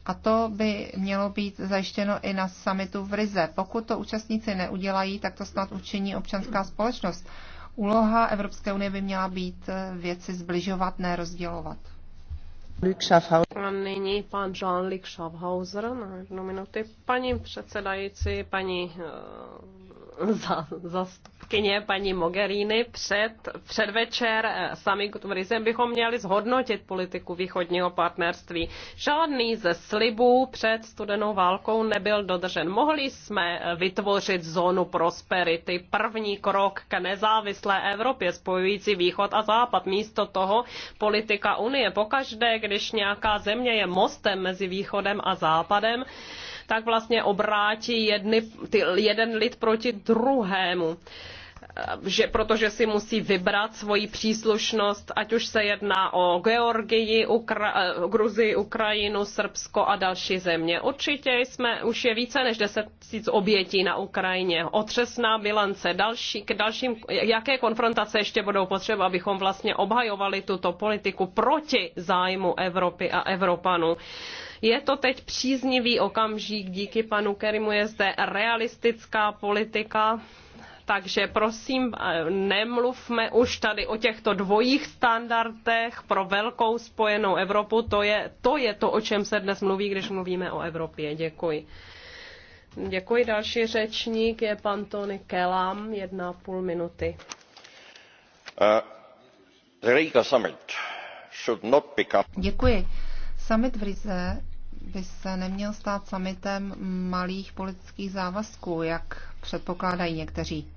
S1: A to by mělo být zajištěno i na summitu v Rize. Pokud to účastníci neudělají, tak to snad učiní občanská společnost úloha Evropské unie by měla být eh, věci zbližovat, ne rozdělovat.
S2: A nyní pan Jean-Luc Schaffhauser na jednu minuty. Paní předsedající, paní uh, za, zastup předsedkyně paní Mogherini před předvečer eh, samitu v Rize bychom měli zhodnotit politiku východního partnerství. Žádný ze slibů před studenou válkou nebyl dodržen. Mohli jsme eh, vytvořit zónu prosperity, první krok k nezávislé Evropě spojující východ a západ. Místo toho politika Unie pokaždé, když nějaká země je mostem mezi východem a západem, tak vlastně obrátí jedny, ty, jeden lid proti druhému že, protože si musí vybrat svoji příslušnost, ať už se jedná o Georgii, Ukra- eh, Gruzii, Ukrajinu, Srbsko a další země. Určitě jsme, už je více než 10 tisíc obětí na Ukrajině. Otřesná bilance, další, k dalším, jaké konfrontace ještě budou potřeba, abychom vlastně obhajovali tuto politiku proti zájmu Evropy a Evropanů. Je to teď příznivý okamžik, díky panu Kerimu je zde realistická politika, takže prosím, eh, nemluvme už tady o těchto dvojích standardech pro velkou spojenou Evropu. To je to, je to o čem se dnes mluví, když mluvíme o Evropě. Děkuji. Děkuji. Další řečník je pan Tony Kelam,
S1: jedna a půl minuty. Eh, Děkuji. Summit v Rize by se neměl stát summitem malých politických závazků, jak předpokládají někteří.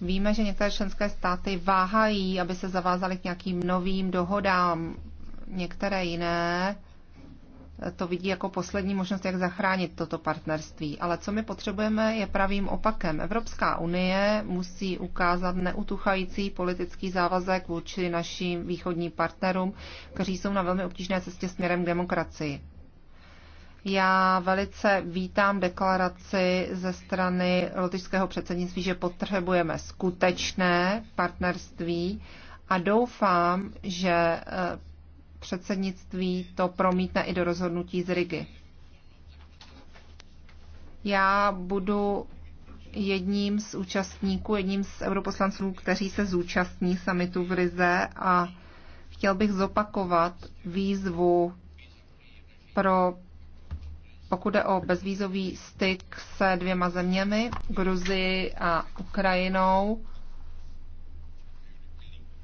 S1: Víme, že některé členské státy váhají, aby se zavázaly k nějakým novým dohodám. Některé jiné to vidí jako poslední možnost, jak zachránit toto partnerství. Ale co my potřebujeme, je pravým opakem. Evropská unie musí ukázat neutuchající politický závazek vůči našim východním partnerům, kteří jsou na velmi obtížné cestě směrem k demokracii. Já velice vítám deklaraci ze strany lotyšského předsednictví, že potřebujeme skutečné partnerství a doufám, že eh, předsednictví to promítne i do rozhodnutí z Rigy. Já budu jedním z účastníků, jedním z europoslanců, kteří se zúčastní samitu v Rize a chtěl bych zopakovat výzvu pro pokud jde o bezvízový styk se dvěma zeměmi, Gruzii a Ukrajinou,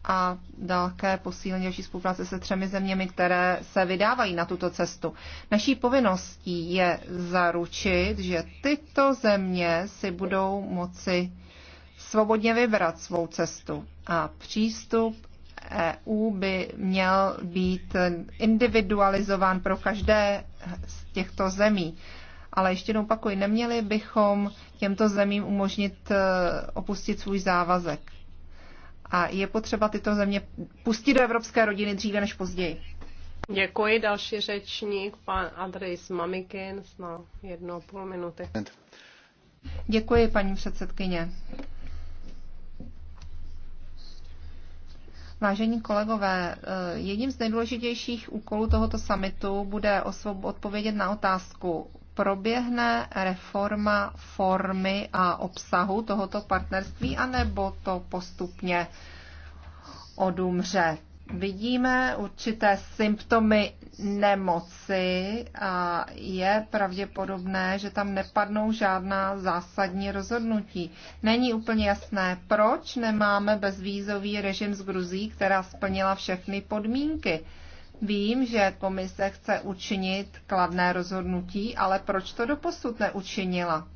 S1: a dálké posílení další spolupráce se třemi zeměmi, které se vydávají na tuto cestu. Naší povinností je zaručit, že tyto země si budou moci svobodně vybrat svou cestu a přístup EU by měl být individualizován pro každé z těchto zemí. Ale ještě jednou opakuji, neměli bychom těmto zemím umožnit e, opustit svůj závazek. A je potřeba tyto země pustit do evropské rodiny dříve než později.
S2: Děkuji, další řečník, pan Andrej Mamikin, na jedno půl minuty.
S1: Děkuji, paní předsedkyně. Vážení kolegové, eh, jedním z nejdůležitějších úkolů tohoto samitu bude odpovědět na otázku, proběhne reforma formy a obsahu tohoto partnerství, anebo to postupně odumře vidíme určité symptomy nemoci a je pravděpodobné, že tam nepadnou žádná zásadní rozhodnutí. Není úplně jasné, proč nemáme bezvízový režim s Gruzí, která splnila všechny podmínky. Vím, že komise chce učinit kladné rozhodnutí, ale proč to doposud neučinila?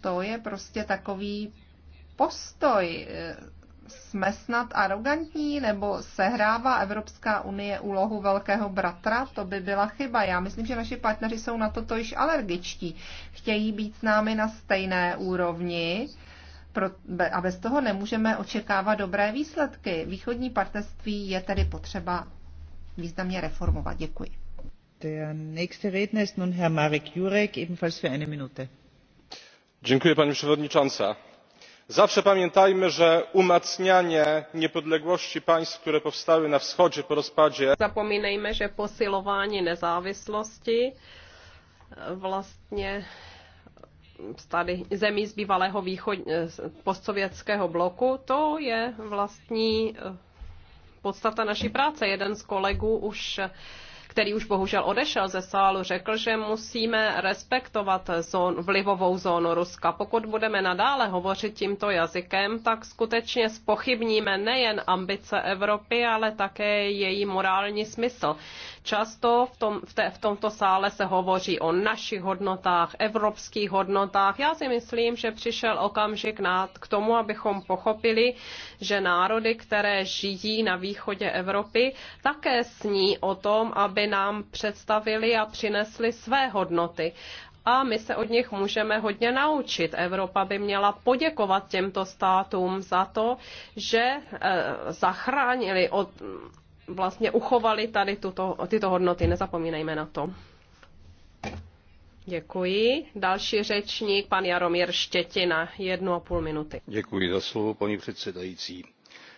S1: To je prostě takový postoj eh, jsme snad arrogantní nebo sehrává Evropská unie úlohu velkého bratra? To by byla chyba. Já myslím, že naši partneři jsou na toto již alergičtí. Chtějí být s námi na stejné úrovni a bez toho nemůžeme očekávat dobré výsledky. Východní partnerství je tedy potřeba významně reformovat. Děkuji. Marek Jurek,
S5: Dziękuję Pani Przewodnicząca zawsze pamiętajmy że umacnianie niepodległości państw które powstały na wschodzie po rozpadzie zapominejme že
S2: posilování nezávislosti e, vlastně tady zemí z bývalého východ, e, postsovětského bloku, to je vlastní e, podstata naší práce. Jeden z kolegů už který už bohužel odešel ze sálu, řekl, že musíme respektovat zón, vlivovou zónu Ruska. Pokud budeme nadále hovořit tímto jazykem, tak skutečně spochybníme nejen ambice Evropy, ale také její morální smysl. Často v, tom, v, té, v tomto sále se hovoří o našich hodnotách, evropských hodnotách. Já si myslím, že přišel okamžik na, k tomu, abychom pochopili, že národy, které žijí na východě Evropy, také sní o tom, aby nám představili a přinesli své hodnoty a my se od nich můžeme hodně naučit. Evropa by měla poděkovat těmto státům za to, že eh, zachránili, od, vlastně uchovali tady tuto, tyto hodnoty. Nezapomínejme na to. Děkuji. Další řečník, pan Jaromír Štětina, jednu a půl minuty.
S6: Děkuji za slovo, paní předsedající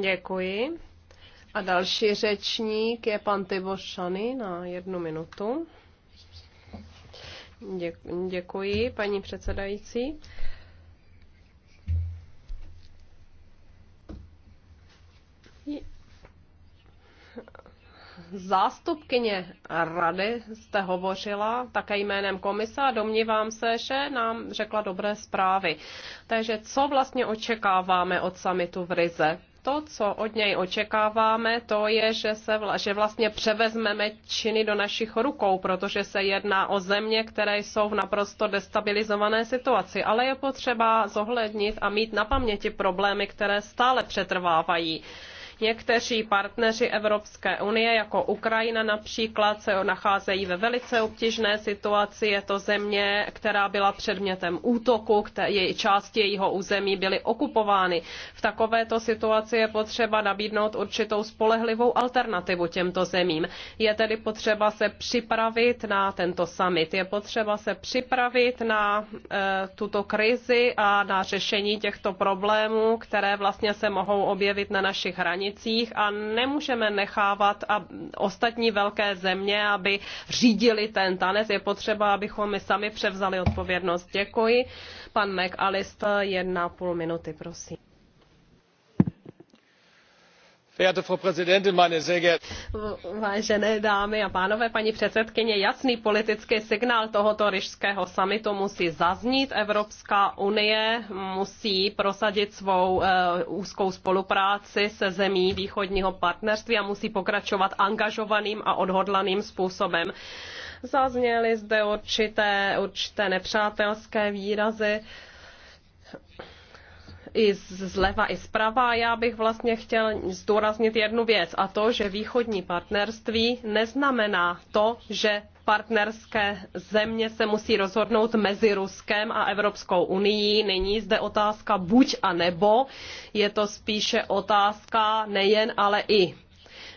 S2: Děkuji. A další řečník je pan Tibor Šany na jednu minutu. Děkuji, paní předsedající zástupkyně rady jste hovořila také jménem komise a domnívám se, že nám řekla dobré zprávy. Takže co vlastně očekáváme od samitu v Rize? to, co od něj očekáváme, to je, že, se vla, že vlastně převezmeme činy do našich rukou, protože se jedná o země, které jsou v naprosto destabilizované situaci. Ale je potřeba zohlednit a mít na paměti problémy, které stále přetrvávají. Někteří partneři Evropské unie, jako Ukrajina například, se nacházejí ve velice obtížné situaci. Je to země, která byla předmětem útoku, její části jejího území byly okupovány. V takovéto situaci je potřeba nabídnout určitou spolehlivou alternativu těmto zemím. Je tedy potřeba se připravit na tento summit. Je potřeba se připravit na e, tuto krizi a na řešení těchto problémů, které vlastně se mohou objevit na našich hranicích hranicích a nemůžeme nechávat a ostatní velké země, aby řídili ten tanec. Je potřeba, abychom my sami převzali odpovědnost. Děkuji. Pan McAllister, jedna půl minuty, prosím. Vážené dámy a pánové, paní předsedkyně, jasný politický signál tohoto ryžského summitu musí zaznít. Evropská unie musí prosadit svou eh, úzkou spolupráci se zemí východního partnerství a musí pokračovat angažovaným a odhodlaným způsobem. Zazněly zde určité nepřátelské výrazy i zleva, i zprava. Já bych vlastně chtěl zdůraznit jednu věc a to, že východní partnerství neznamená to, že partnerské země se musí rozhodnout mezi Ruskem a Evropskou unii. Není zde otázka buď a nebo, je to spíše otázka nejen, ale i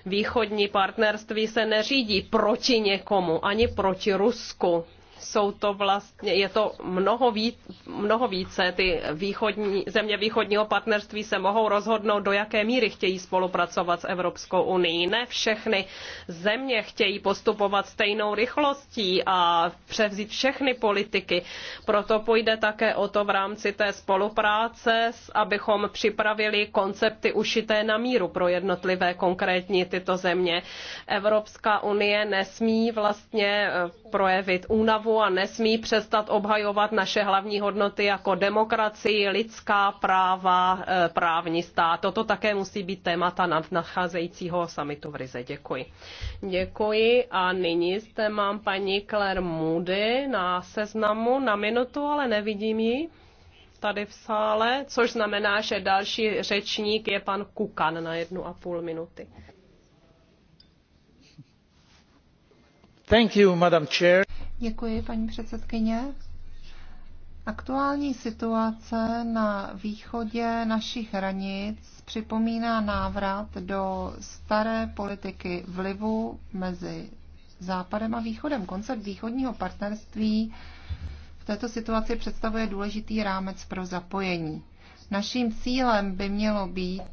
S2: východní partnerství se neřídí proti někomu, ani proti Rusku jsou to vlastně, je to mnoho, víc, mnoho více. Ty východní, země východního partnerství se mohou rozhodnout, do jaké míry chtějí spolupracovat s Evropskou unii. Ne všechny země chtějí postupovat stejnou rychlostí a převzít všechny politiky. Proto půjde také o to v rámci té spolupráce, abychom připravili koncepty ušité na míru pro jednotlivé konkrétní tyto země. Evropská unie nesmí vlastně eh, projevit únavu a nesmí přestat obhajovat naše hlavní hodnoty jako demokracii, lidská práva, e, právní stát. Toto také musí být témata nadcházejícího samitu v Rize. Děkuji. Děkuji a nyní zde mám paní Claire Moody na seznamu na minutu, ale nevidím ji tady v sále, což znamená, že další řečník je pan Kukan na jednu a půl minuty.
S5: Thank you, Madam Chair.
S1: Děkuji, paní předsedkyně. Aktuální situace na východě našich hranic připomíná návrat do staré politiky vlivu mezi Západem a Východem. Koncept východního partnerství v této situaci představuje důležitý rámec pro zapojení. Naším cílem by mělo být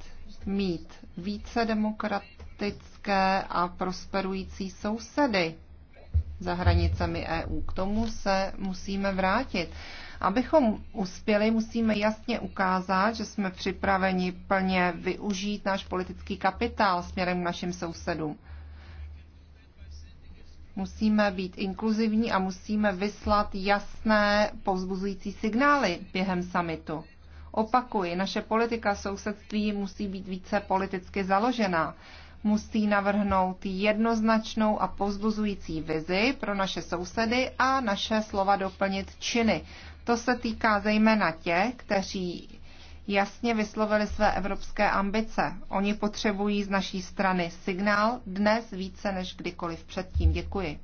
S1: mít více demokratické a prosperující sousedy za hranicemi EU. K tomu se musíme vrátit. Abychom uspěli, musíme jasně ukázat, že jsme připraveni plně využít náš politický kapitál směrem k našim sousedům. Musíme být inkluzivní a musíme vyslat jasné povzbuzující signály během samitu. Opakuji, naše politika sousedství musí být více politicky založená musí navrhnout jednoznačnou a povzbuzující vizi pro naše sousedy a naše slova doplnit činy. To se týká zejména těch, kteří jasně vyslovili své evropské ambice. Oni potřebují z naší strany signál dnes více než kdykoliv předtím. Děkuji.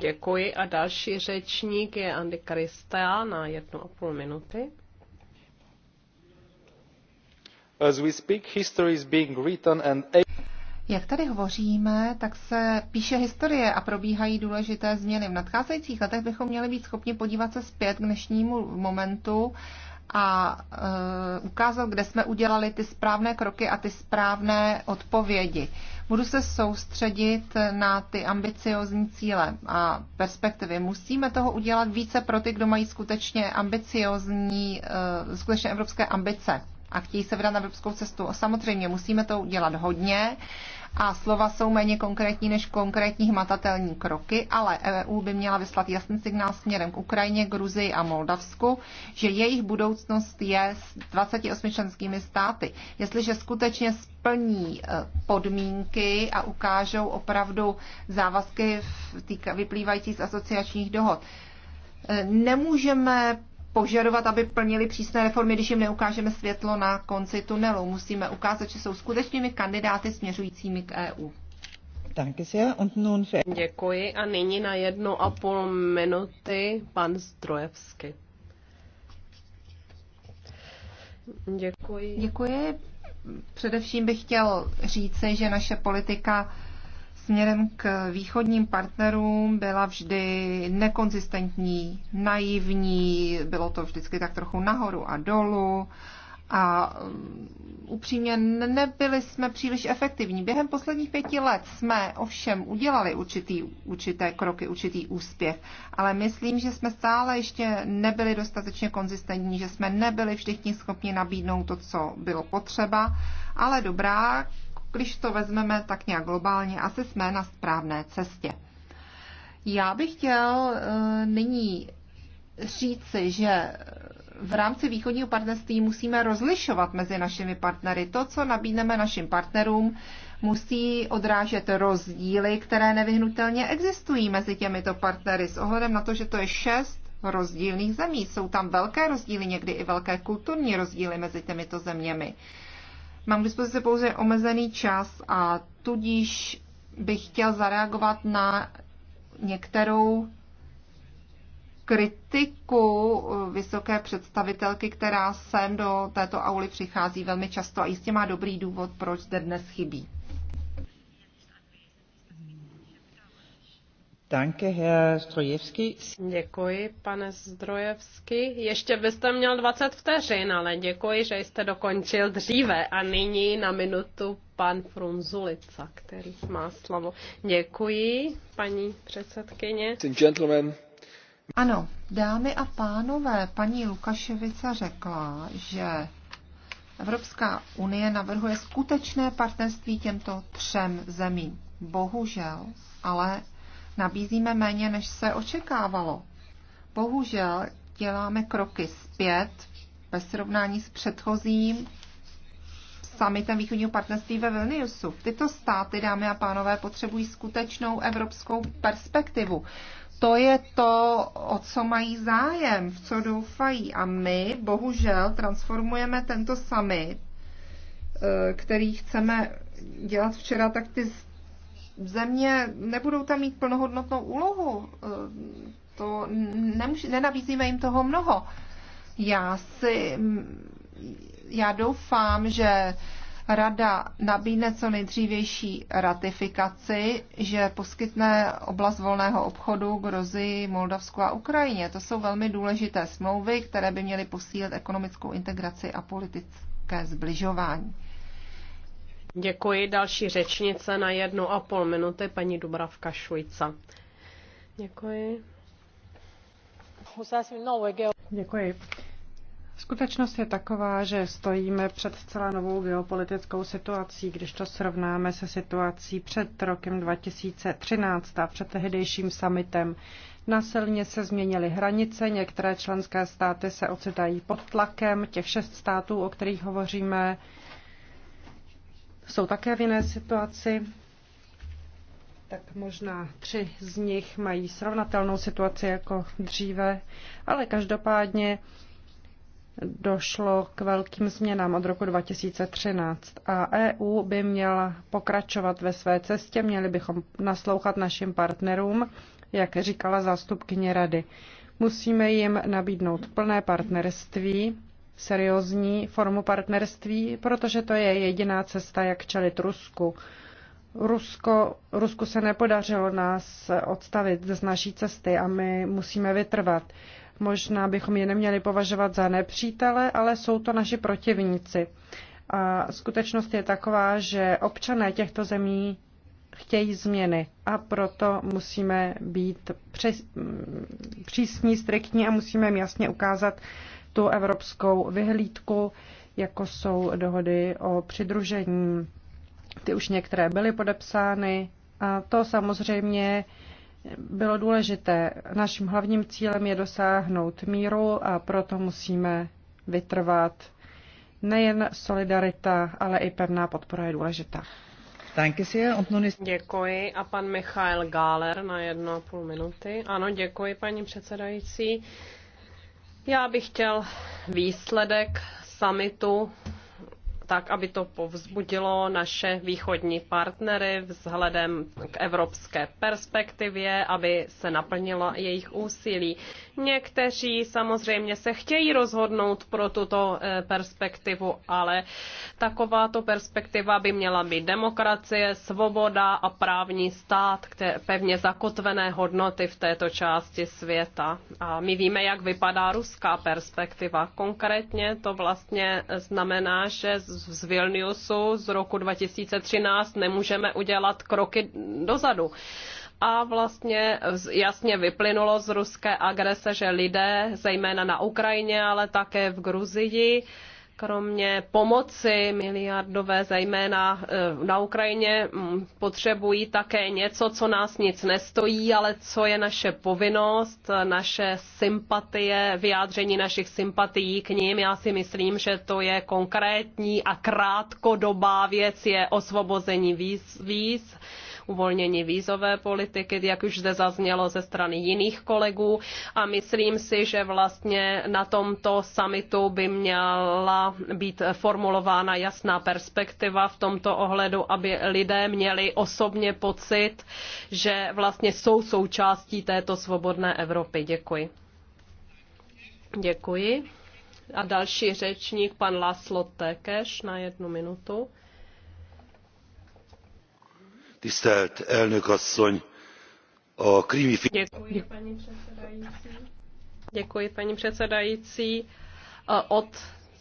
S1: Děkuji a další řečník je
S2: Andy Krista na jednu a půl minuty.
S5: As we speak, history is being written and...
S1: Jak tady hovoříme, tak se píše historie a probíhají důležité změny. V nadcházejících letech bychom měli být schopni podívat se zpět k dnešnímu momentu a uh, ukázat, kde jsme udělali ty správné kroky a ty správné odpovědi. Budu se soustředit na ty ambiciozní cíle a perspektivy. Musíme toho udělat více pro ty, kdo mají skutečně ambiciozní, uh, eh, skutečně evropské ambice a chtějí se vydat na evropskou cestu. Samozřejmě musíme to udělat hodně a slova jsou méně konkrétní než konkrétní hmatatelní kroky, ale EU by měla vyslat jasný signál směrem k Ukrajině, Gruzii a Moldavsku, že jejich budoucnost je s 28 členskými státy. Jestliže skutečně splní e, podmínky a ukážou opravdu závazky vyplývající z asociačních dohod. E, nemůžeme požadovat, aby plnili přísné reformy, když jim neukážeme světlo na konci tunelu. Musíme ukázat, že jsou skutečnými kandidáty směřujícími k EU.
S2: Děkuji a nyní na jednu a půl minuty pan Zdrojevsky. Děkuji.
S1: Děkuji. Především bych chtěl říci, že naše politika směrem k východním partnerům byla vždy nekonzistentní, naivní, bylo to vždycky tak trochu nahoru a dolů a mm, upřímně nebyli jsme příliš efektivní. Během posledních pěti let jsme ovšem udělali určitý, určité kroky, určitý úspěch, ale myslím, že jsme stále ještě nebyli dostatečně konzistentní, že jsme nebyli všichni schopni nabídnout to, co bylo potřeba, ale dobrá, když to vezmeme tak nějak globálně, asi jsme na správné cestě. Já bych chtěl eh, nyní říci, že v rámci východního partnerství musíme rozlišovat mezi našimi partnery. To, co nabídneme našim partnerům, musí odrážet rozdíly, které nevyhnutelně existují mezi těmito partnery s ohledem na to, že to je šest rozdílných zemí. Jsou tam velké rozdíly, někdy i velké kulturní rozdíly mezi těmito zeměmi. Mám k dispozici pouze omezený čas a tudíž bych chtěl zareagovat na některou kritiku vysoké představitelky, která sem do této auly přichází velmi často a jistě má dobrý důvod, proč zde dnes chybí.
S3: Děkuji, pane
S2: Zdrojevský. Ještě byste měl 20 vteřin, ale děkuji, že jste dokončil dříve. A nyní na minutu pan Frunzulica, který má slovo.
S1: Děkuji, paní předsedkyně. Gentlemen. Ano, dámy a pánové, paní Lukaševice řekla, že Evropská unie navrhuje skutečné partnerství těmto třem zemím. Bohužel, ale Nabízíme méně, než se očekávalo. Bohužel děláme kroky zpět ve srovnání s předchozím samitem východního partnerství ve Vilniusu. Tyto státy, dámy a pánové, potřebují skutečnou evropskou perspektivu. To je to, o co mají zájem, v co doufají. A my, bohužel, transformujeme tento summit, eh, který chceme dělat včera, tak ty země nebudou tam mít plnohodnotnou úlohu. Eh, to nemůže, nenabízíme jim toho mnoho. Já si, mm, já doufám, že Rada nabídne co nejdřívější ratifikaci, že poskytne oblast volného obchodu Grozii, Moldavsku a Ukrajině. To jsou velmi důležité smlouvy, které by měly posílit ekonomickou integraci a politické zbližování.
S2: Děkuji další řečnice na jednu a půl minuty,
S3: paní Dubravka Švýca.
S7: Děkuji.
S3: Děkuji. Skutečnost je taková, že stojíme před zcela novou geopolitickou situací, když to srovnáme se situací před rokem 2013 a před tehdejším summitem. Nasilně se změnily hranice, některé členské státy se ocitají pod tlakem, těch šest států, o kterých hovoříme, jsou také v jiné situaci. Tak možná tři z nich mají srovnatelnou situaci jako dříve, ale každopádně došlo k velkým změnám od roku 2013 a EU by měla pokračovat ve své cestě, měli bychom naslouchat našim partnerům, jak říkala zástupkyně rady. Musíme jim nabídnout plné partnerství, seriózní formu partnerství, protože to je jediná cesta, jak čelit Rusku. Rusko, Rusku se nepodařilo nás odstavit z naší cesty a my musíme vytrvat. Možná bychom je neměli považovat za nepřítele, ale jsou to naši protivníci. A skutečnost je taková, že občané těchto zemí chtějí změny a proto musíme být přes, mm, přísní, striktní a musíme jim jasně ukázat, tu evropskou vyhlídku, jako jsou dohody o přidružení. Ty už některé byly podepsány a to samozřejmě bylo důležité. Naším hlavním cílem je dosáhnout míru a proto musíme vytrvat. Nejen solidarita, ale i pevná podpora je důležitá. Děkuji a
S2: pan Michael Gáler na jedno a půl minuty. Ano, děkuji paní předsedající. Já bych chtěl výsledek summitu tak, aby to povzbudilo naše východní partnery vzhledem k evropské perspektivě, aby se naplnilo jejich úsilí. Někteří samozřejmě se chtějí rozhodnout pro tuto eh, perspektivu, ale takováto perspektiva by měla být demokracie, svoboda a právní stát, které pevně zakotvené hodnoty v této části světa. A my víme, jak vypadá ruská perspektiva. Konkrétně to vlastně znamená, že z Vilniusu z roku 2013 nemůžeme udělat kroky dozadu a vlastně jasně vyplynulo z ruské agrese, že lidé, zejména na Ukrajině, ale také v Gruzii, kromě pomoci miliardové, zejména eh, na Ukrajině, mm, potřebují také něco, co nás nic nestojí, ale co je naše povinnost, naše sympatie, vyjádření našich sympatií k ním. Já si myslím, že to je konkrétní a krátkodobá věc, je osvobození víz, víz uvolnění vízové politiky, jak už zde zaznělo ze strany jiných kolegů. A myslím si, že vlastně na tomto summitu by měla být formulována jasná perspektiva v tomto ohledu, aby lidé měli osobně pocit, že vlastně jsou součástí této svobodné Evropy. Děkuji. Děkuji. A další řečník, pan Laslo Tekeš, na jednu minutu
S6: tisztelt elnök asszony! a krmi
S2: Děkuji, paní předsedající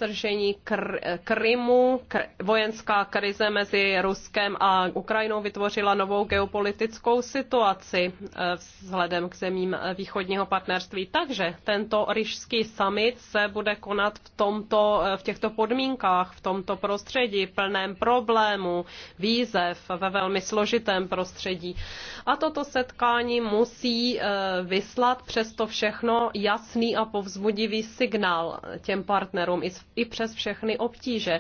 S2: roztržení Kr- Krymu, kr- vojenská krize mezi Ruskem a Ukrajinou vytvořila novou geopolitickou situaci eh, vzhledem k zemím východního partnerství. Takže tento ryšský summit se bude konat v, tomto, eh, v těchto podmínkách, v tomto prostředí plném problému, výzev ve velmi složitém prostředí. A toto setkání musí eh, vyslat přesto všechno jasný a povzbudivý signál těm partnerům i z i přes všechny obtíže,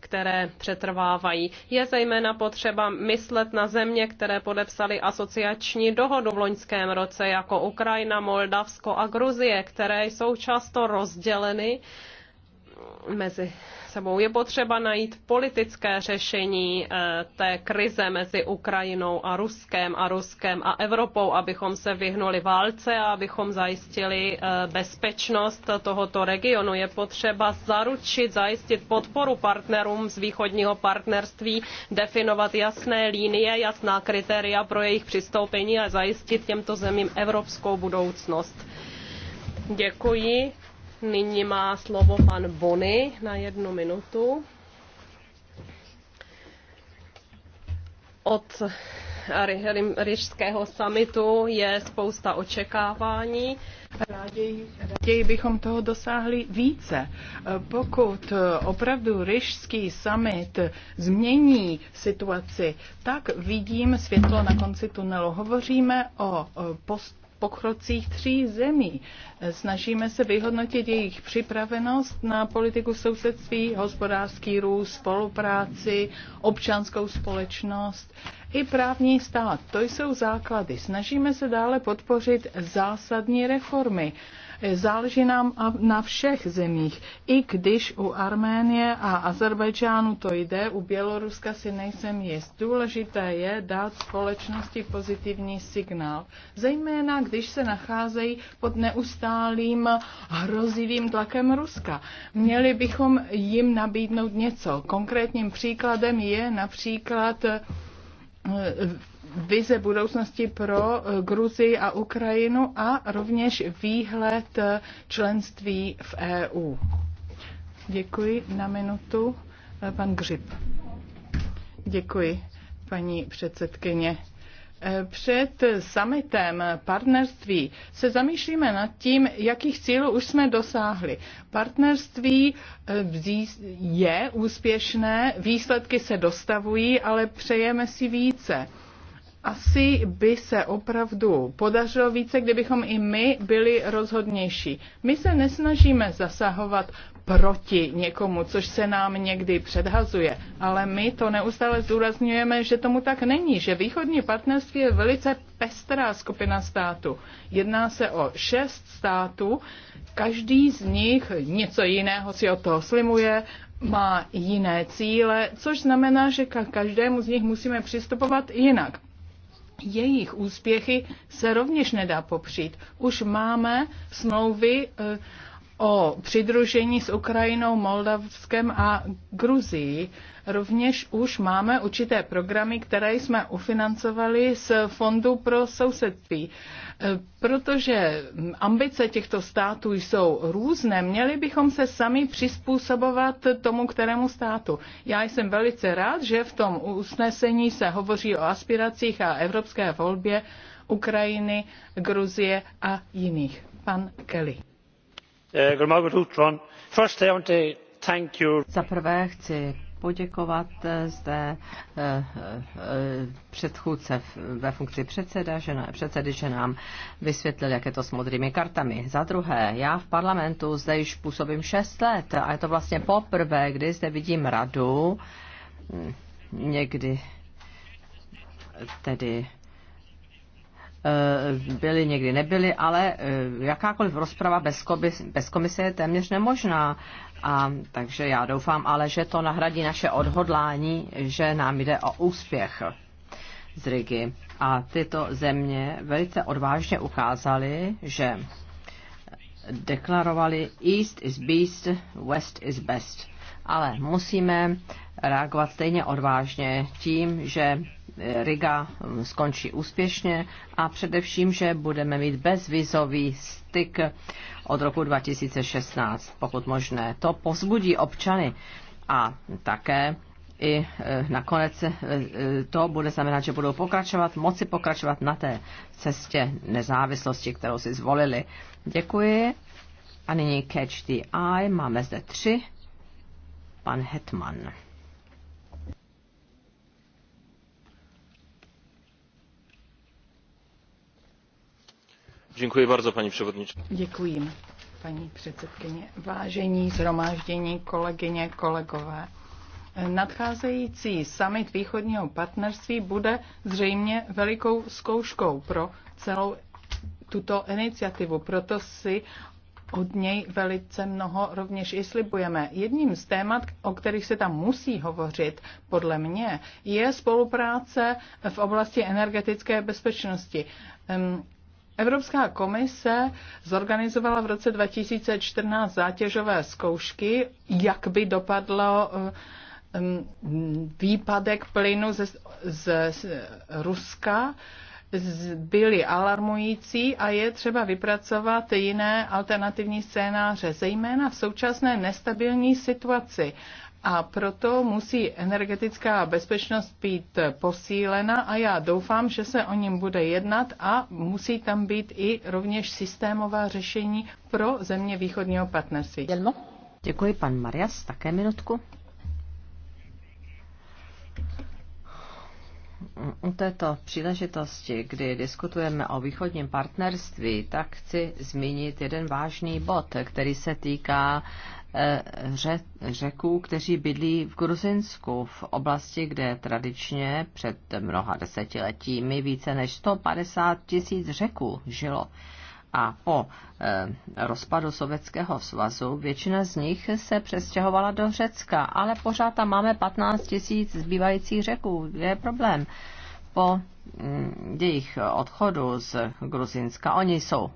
S2: které přetrvávají. Je zejména potřeba myslet na země, které podepsaly asociační dohodu v loňském roce, jako Ukrajina, Moldavsko a Gruzie, které jsou často rozděleny mezi sebou. Je potřeba najít politické řešení eh, té krize mezi Ukrajinou a Ruskem a Ruskem a Evropou, abychom se vyhnuli válce a abychom zajistili eh, bezpečnost tohoto regionu. Je potřeba zaručit, zajistit podporu partnerům z východního partnerství, definovat jasné linie, jasná kritéria pro jejich přistoupení a zajistit těmto zemím evropskou budoucnost. Děkuji. Nyní má slovo pan Bony na jednu minutu. Od
S4: Ryžského samitu
S2: je spousta očekávání. Raději,
S4: raději bychom toho dosáhli více. Pokud opravdu Ryšský summit změní situaci, tak vidím světlo na konci tunelu. Hovoříme o post pokrocích tří zemí. Snažíme se vyhodnotit jejich připravenost na politiku sousedství, hospodářský růst, spolupráci, občanskou společnost i právní stát. To jsou základy. Snažíme se dále podpořit zásadní reformy Záleží nám na všech zemích. I když u Arménie a Azerbajdžánu to jde, u Běloruska si nejsem jist. Důležité je dát společnosti pozitivní signál. Zejména, když se nacházejí pod neustálým hrozivým tlakem Ruska. Měli bychom jim nabídnout něco. Konkrétním příkladem je například Eh, vize budoucnosti pro eh, Gruzii a Ukrajinu a rovněž výhled eh, členství v EU. Děkuji. Na minutu pan Gřib. Děkuji, paní předsedkyně před summitem partnerství se zamýšlíme nad tím, jakých cílů už jsme dosáhli. Partnerství eh, je úspěšné, výsledky se dostavují, ale přejeme si více. Asi by se opravdu podařilo více, kdybychom i my byli rozhodnější. My se nesnažíme zasahovat proti někomu, což se nám někdy předhazuje. Ale my to neustále zdůrazňujeme, že tomu tak není, že východní partnerství je velice pestrá skupina států. Jedná se o šest států, každý z nich něco jiného si od toho slimuje, má jiné cíle, což znamená, že ka každému z nich musíme přistupovat jinak. Jejich úspěchy se rovněž nedá popřít. Už máme smlouvy eh, o přidružení s Ukrajinou, Moldavskem a Gruzií. Rovněž už máme určité programy, které jsme ufinancovali z Fondu pro sousedství. E, protože ambice těchto států jsou různé, měli bychom se sami přizpůsobovat tomu, kterému státu. Já jsem velice rád, že v tom usnesení se hovoří o aspiracích a evropské volbě Ukrajiny, Gruzie a jiných. Pan Kelly.
S6: Eh,
S7: Za
S4: prvé chci
S7: poděkovat eh, zde eh, předchůdce ve funkci že, předsedy, že nám vysvětlil, jak je to s modrými kartami. Za druhé, já v parlamentu zde již působím šest let a je to vlastně poprvé, kdy zde vidím radu hm, někdy tedy Eh, byly, někdy nebyly, ale eh, jakákoliv rozprava bez, komis, bez komise je téměř nemožná. A, takže já doufám ale, že to nahradí naše odhodlání, že nám jde o úspěch z Rigi. A tyto země velice odvážně ukázaly, že deklarovali East is beast, West is best. Ale musíme reagovat stejně odvážně tím, že Riga mm, skončí úspěšně a především, že budeme mít bezvizový styk od roku 2016, pokud možné. To povzbudí občany a také i e, nakonec e, e, to bude znamenat, že budou pokračovat, moci pokračovat na té cestě nezávislosti, kterou si zvolili. Děkuji. A nyní Catch the Eye. Máme zde tři. Pan Hetman.
S6: Děkuji bardzo, paní předsedkyně.
S4: Děkuji, paní předsedkyně. Vážení zhromáždění, kolegyně, kolegové. Nadcházející summit východního partnerství bude zřejmě velikou zkouškou pro celou tuto iniciativu. Proto si od něj velice mnoho rovněž i slibujeme. Jedním z témat, o kterých se tam musí hovořit, podle mě, je spolupráce v oblasti energetické bezpečnosti. Evropská komise zorganizovala v roce 2014 zátěžové zkoušky, jak by dopadlo eh, mm, výpadek plynu ze, z, z Ruska byly alarmující a je třeba vypracovat jiné alternativní scénáře, zejména v současné nestabilní situaci. A proto musí energetická bezpečnost být posílena a já doufám, že se o něm bude jednat a musí tam být i rovněž systémová řešení pro země východního partnerství. Děkuji, pan Marias, také minutku.
S7: U této příležitosti, kdy diskutujeme o východním partnerství, tak chci zmínit jeden vážný bod, který se týká Eh, řeků, kteří bydlí v Gruzinsku, v oblasti, kde tradičně před mnoha desetiletími více než 150 tisíc řeků žilo. A po eh, rozpadu Sovětského svazu většina z nich se přestěhovala do Řecka, ale pořád tam máme 15 tisíc zbývajících řeků. Je problém po mm, jejich odchodu z Gruzinska. Oni jsou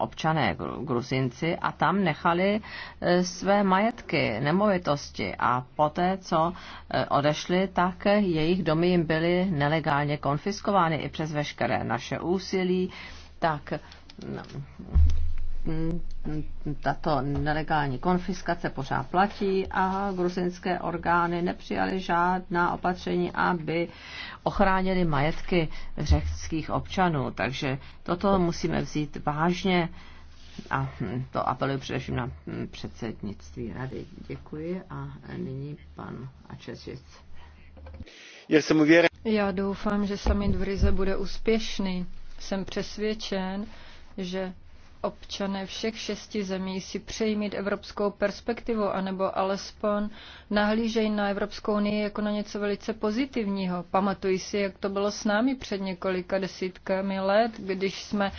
S7: občané Gruzinci a tam nechali e, své majetky, nemovitosti a poté, co e, odešli, tak jejich domy jim byly nelegálně konfiskovány i přes veškeré naše úsilí, tak no, tato nelegální konfiskace pořád platí a gruzinské orgány nepřijaly žádná opatření, aby ochránili majetky řeckých občanů. Takže toto musíme vzít vážně a to apeluji především na předsednictví rady. Děkuji a nyní pan
S8: Ačečic. Já doufám, že summit v Rize bude úspěšný. Jsem přesvědčen, že občané všech šesti zemí si přejí mít evropskou perspektivu, anebo alespoň nahlížejí na Evropskou unii jako na něco velice pozitivního. Pamatuj si, jak to bylo s námi před několika desítkami let, když jsme uh,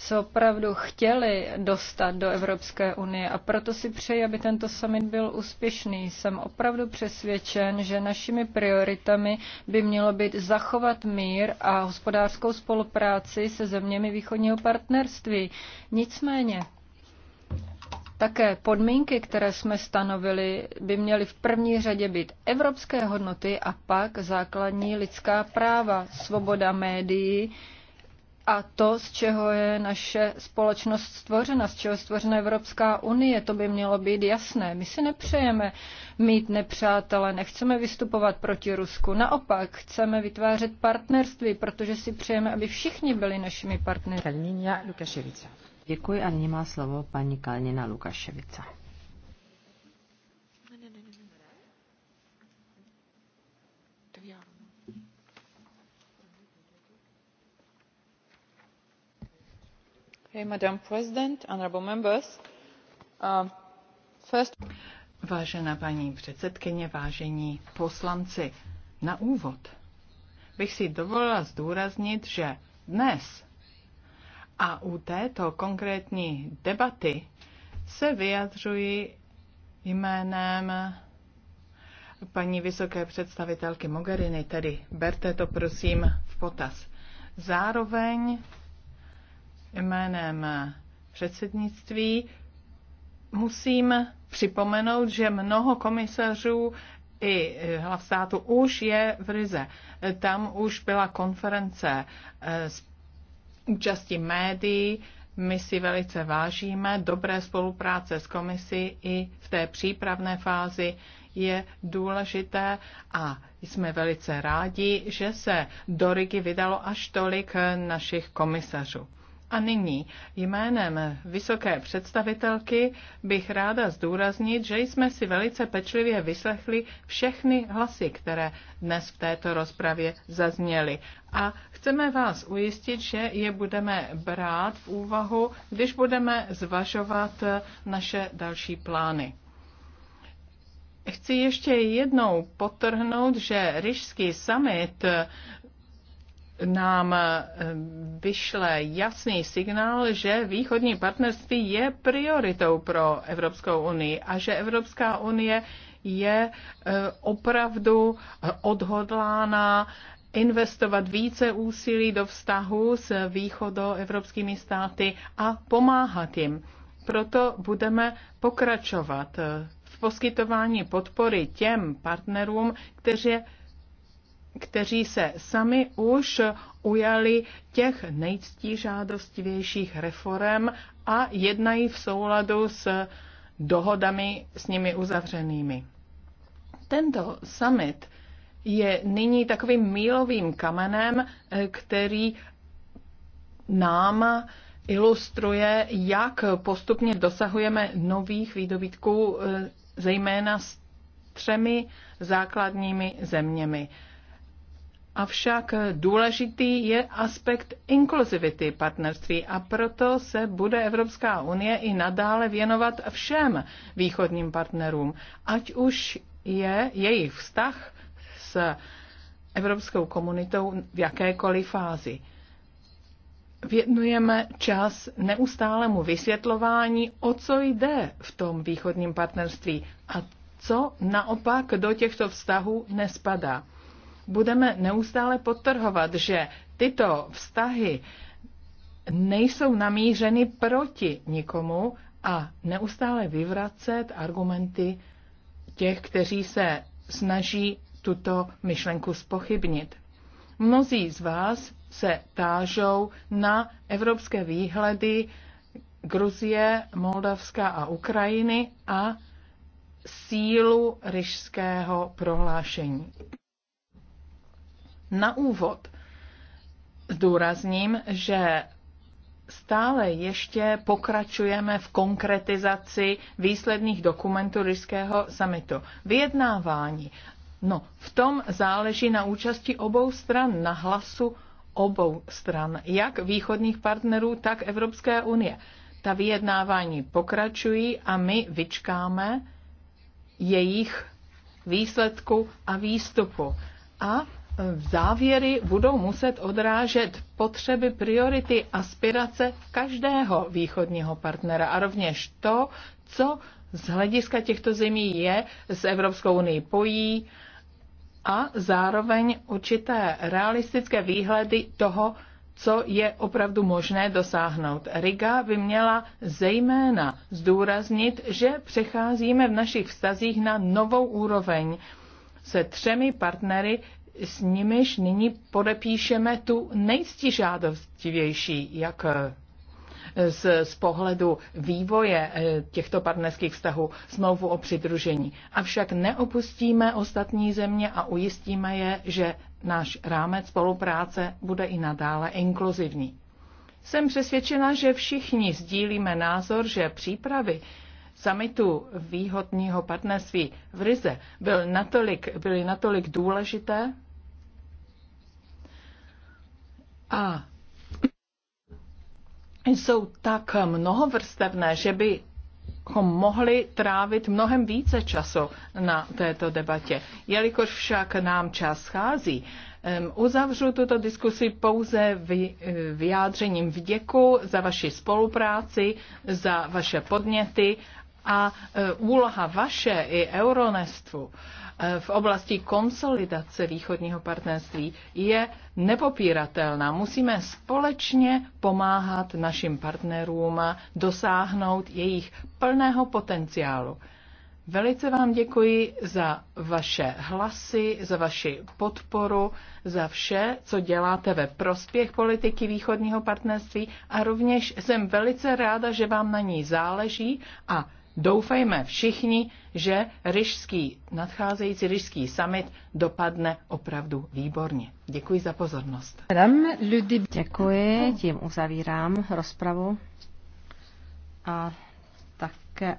S8: se opravdu chtěli dostat do Evropské unie a proto si přeji, aby tento summit byl úspěšný. Jsem opravdu přesvědčen, že našimi prioritami by mělo být zachovat mír a hospodářskou spolupráci se zeměmi východního partnerství. Nicméně, také podmínky, které jsme stanovili, by měly v první řadě být evropské hodnoty a pak základní lidská práva, svoboda médií, a to, z čeho je naše společnost stvořena, z čeho je stvořena Evropská unie, to by mělo být jasné. My si nepřejeme mít nepřátele, nechceme vystupovat proti Rusku. Naopak, chceme vytvářet partnerství, protože si přejeme, aby všichni byli našimi partnery. Kalnina Lukaševica. Děkuji a nyní má slovo paní Kalnina Lukaševica.
S4: Madam President, members. Um, first... Vážená paní předsedkyně, vážení poslanci, na úvod bych si dovolila zdůraznit, že dnes a u této konkrétní debaty se vyjadřuji jménem paní vysoké představitelky Mogherini, tedy berte to prosím v potaz. Zároveň jménem předsednictví musím připomenout, že mnoho komisařů i hlav státu už je v Rize. Tam už byla konference eh, s účastí médií, my si velice vážíme dobré spolupráce s komisí i v té přípravné fázi je důležité a jsme velice rádi, že se do Rigi vydalo až tolik našich komisařů. A nyní jménem vysoké představitelky bych ráda zdůraznit, že jsme si velice pečlivě vyslechli všechny hlasy, které dnes v této rozpravě zazněly. A chceme vás ujistit, že je budeme brát v úvahu, když budeme zvažovat naše další plány. Chci ještě jednou potrhnout, že Ryšský summit nám eh, vyšle jasný signál, že východní partnerství je prioritou pro Evropskou unii a že Evropská unie je eh, opravdu eh, odhodlána investovat více úsilí do vztahu s východoevropskými státy a pomáhat jim. Proto budeme pokračovat v poskytování podpory těm partnerům, kteří kteří se sami už ujali těch nejctížádostivějších reform a jednají v souladu s dohodami s nimi uzavřenými. Tento summit je nyní takovým mílovým kamenem, který nám ilustruje, jak postupně dosahujeme nových výdobytků, e, zejména s třemi základními zeměmi. Avšak důležitý je aspekt inkluzivity partnerství a proto se bude Evropská unie i nadále věnovat všem východním partnerům, ať už je jejich vztah s evropskou komunitou v jakékoliv fázi. Věnujeme čas neustálemu vysvětlování, o co jde v tom východním partnerství a co naopak do těchto vztahů nespadá budeme neustále podtrhovat, že tyto vztahy nejsou namířeny proti nikomu a neustále vyvracet argumenty těch, kteří se snaží tuto myšlenku spochybnit. Mnozí z vás se tážou na evropské výhledy Gruzie, Moldavska a Ukrajiny a sílu ryšského prohlášení. Na úvod zdůrazním, že stále ještě pokračujeme v konkretizaci výsledných dokumentů Ryského samitu. Vyjednávání. No, v tom záleží na účasti obou stran, na hlasu obou stran, jak východních partnerů, tak Evropské unie. Ta vyjednávání pokračují a my vyčkáme jejich výsledku a výstupu. A závěry budou muset odrážet potřeby, priority, aspirace každého východního partnera a rovněž to, co z hlediska těchto zemí je s Evropskou unii pojí a zároveň určité realistické výhledy toho, co je opravdu možné dosáhnout. Riga by měla zejména zdůraznit, že přecházíme v našich vztazích na novou úroveň se třemi partnery, s nimiž nyní podepíšeme tu nejstižádostivější, jak eh, z, z pohledu vývoje eh, těchto partnerských vztahů smlouvu o přidružení. Avšak neopustíme ostatní země a ujistíme je, že náš rámec spolupráce bude i nadále inkluzivní. Jsem přesvědčena, že všichni sdílíme názor, že přípravy samitu výhodního partnerství v Rize byly natolik, byly natolik důležité, a jsou tak mnohovrstevné, že by mohli trávit mnohem více času na této debatě. Jelikož však nám čas schází, uzavřu tuto diskusi pouze eh, vyjádřením vděku za vaši spolupráci, za vaše podněty a eh, úloha vaše i Euronestvu v oblasti konsolidace východního partnerství je nepopíratelná. Musíme společně pomáhat našim partnerům dosáhnout jejich plného potenciálu. Velice vám děkuji za vaše hlasy, za vaši podporu, za vše, co děláte ve prospěch politiky východního partnerství a rovněž jsem velice ráda, že vám na ní záleží a doufejme všichni, že ryšský, nadcházející ryšský summit dopadne opravdu výborně. Děkuji za pozornost.
S8: Děkuji, tím uzavírám rozpravu. A také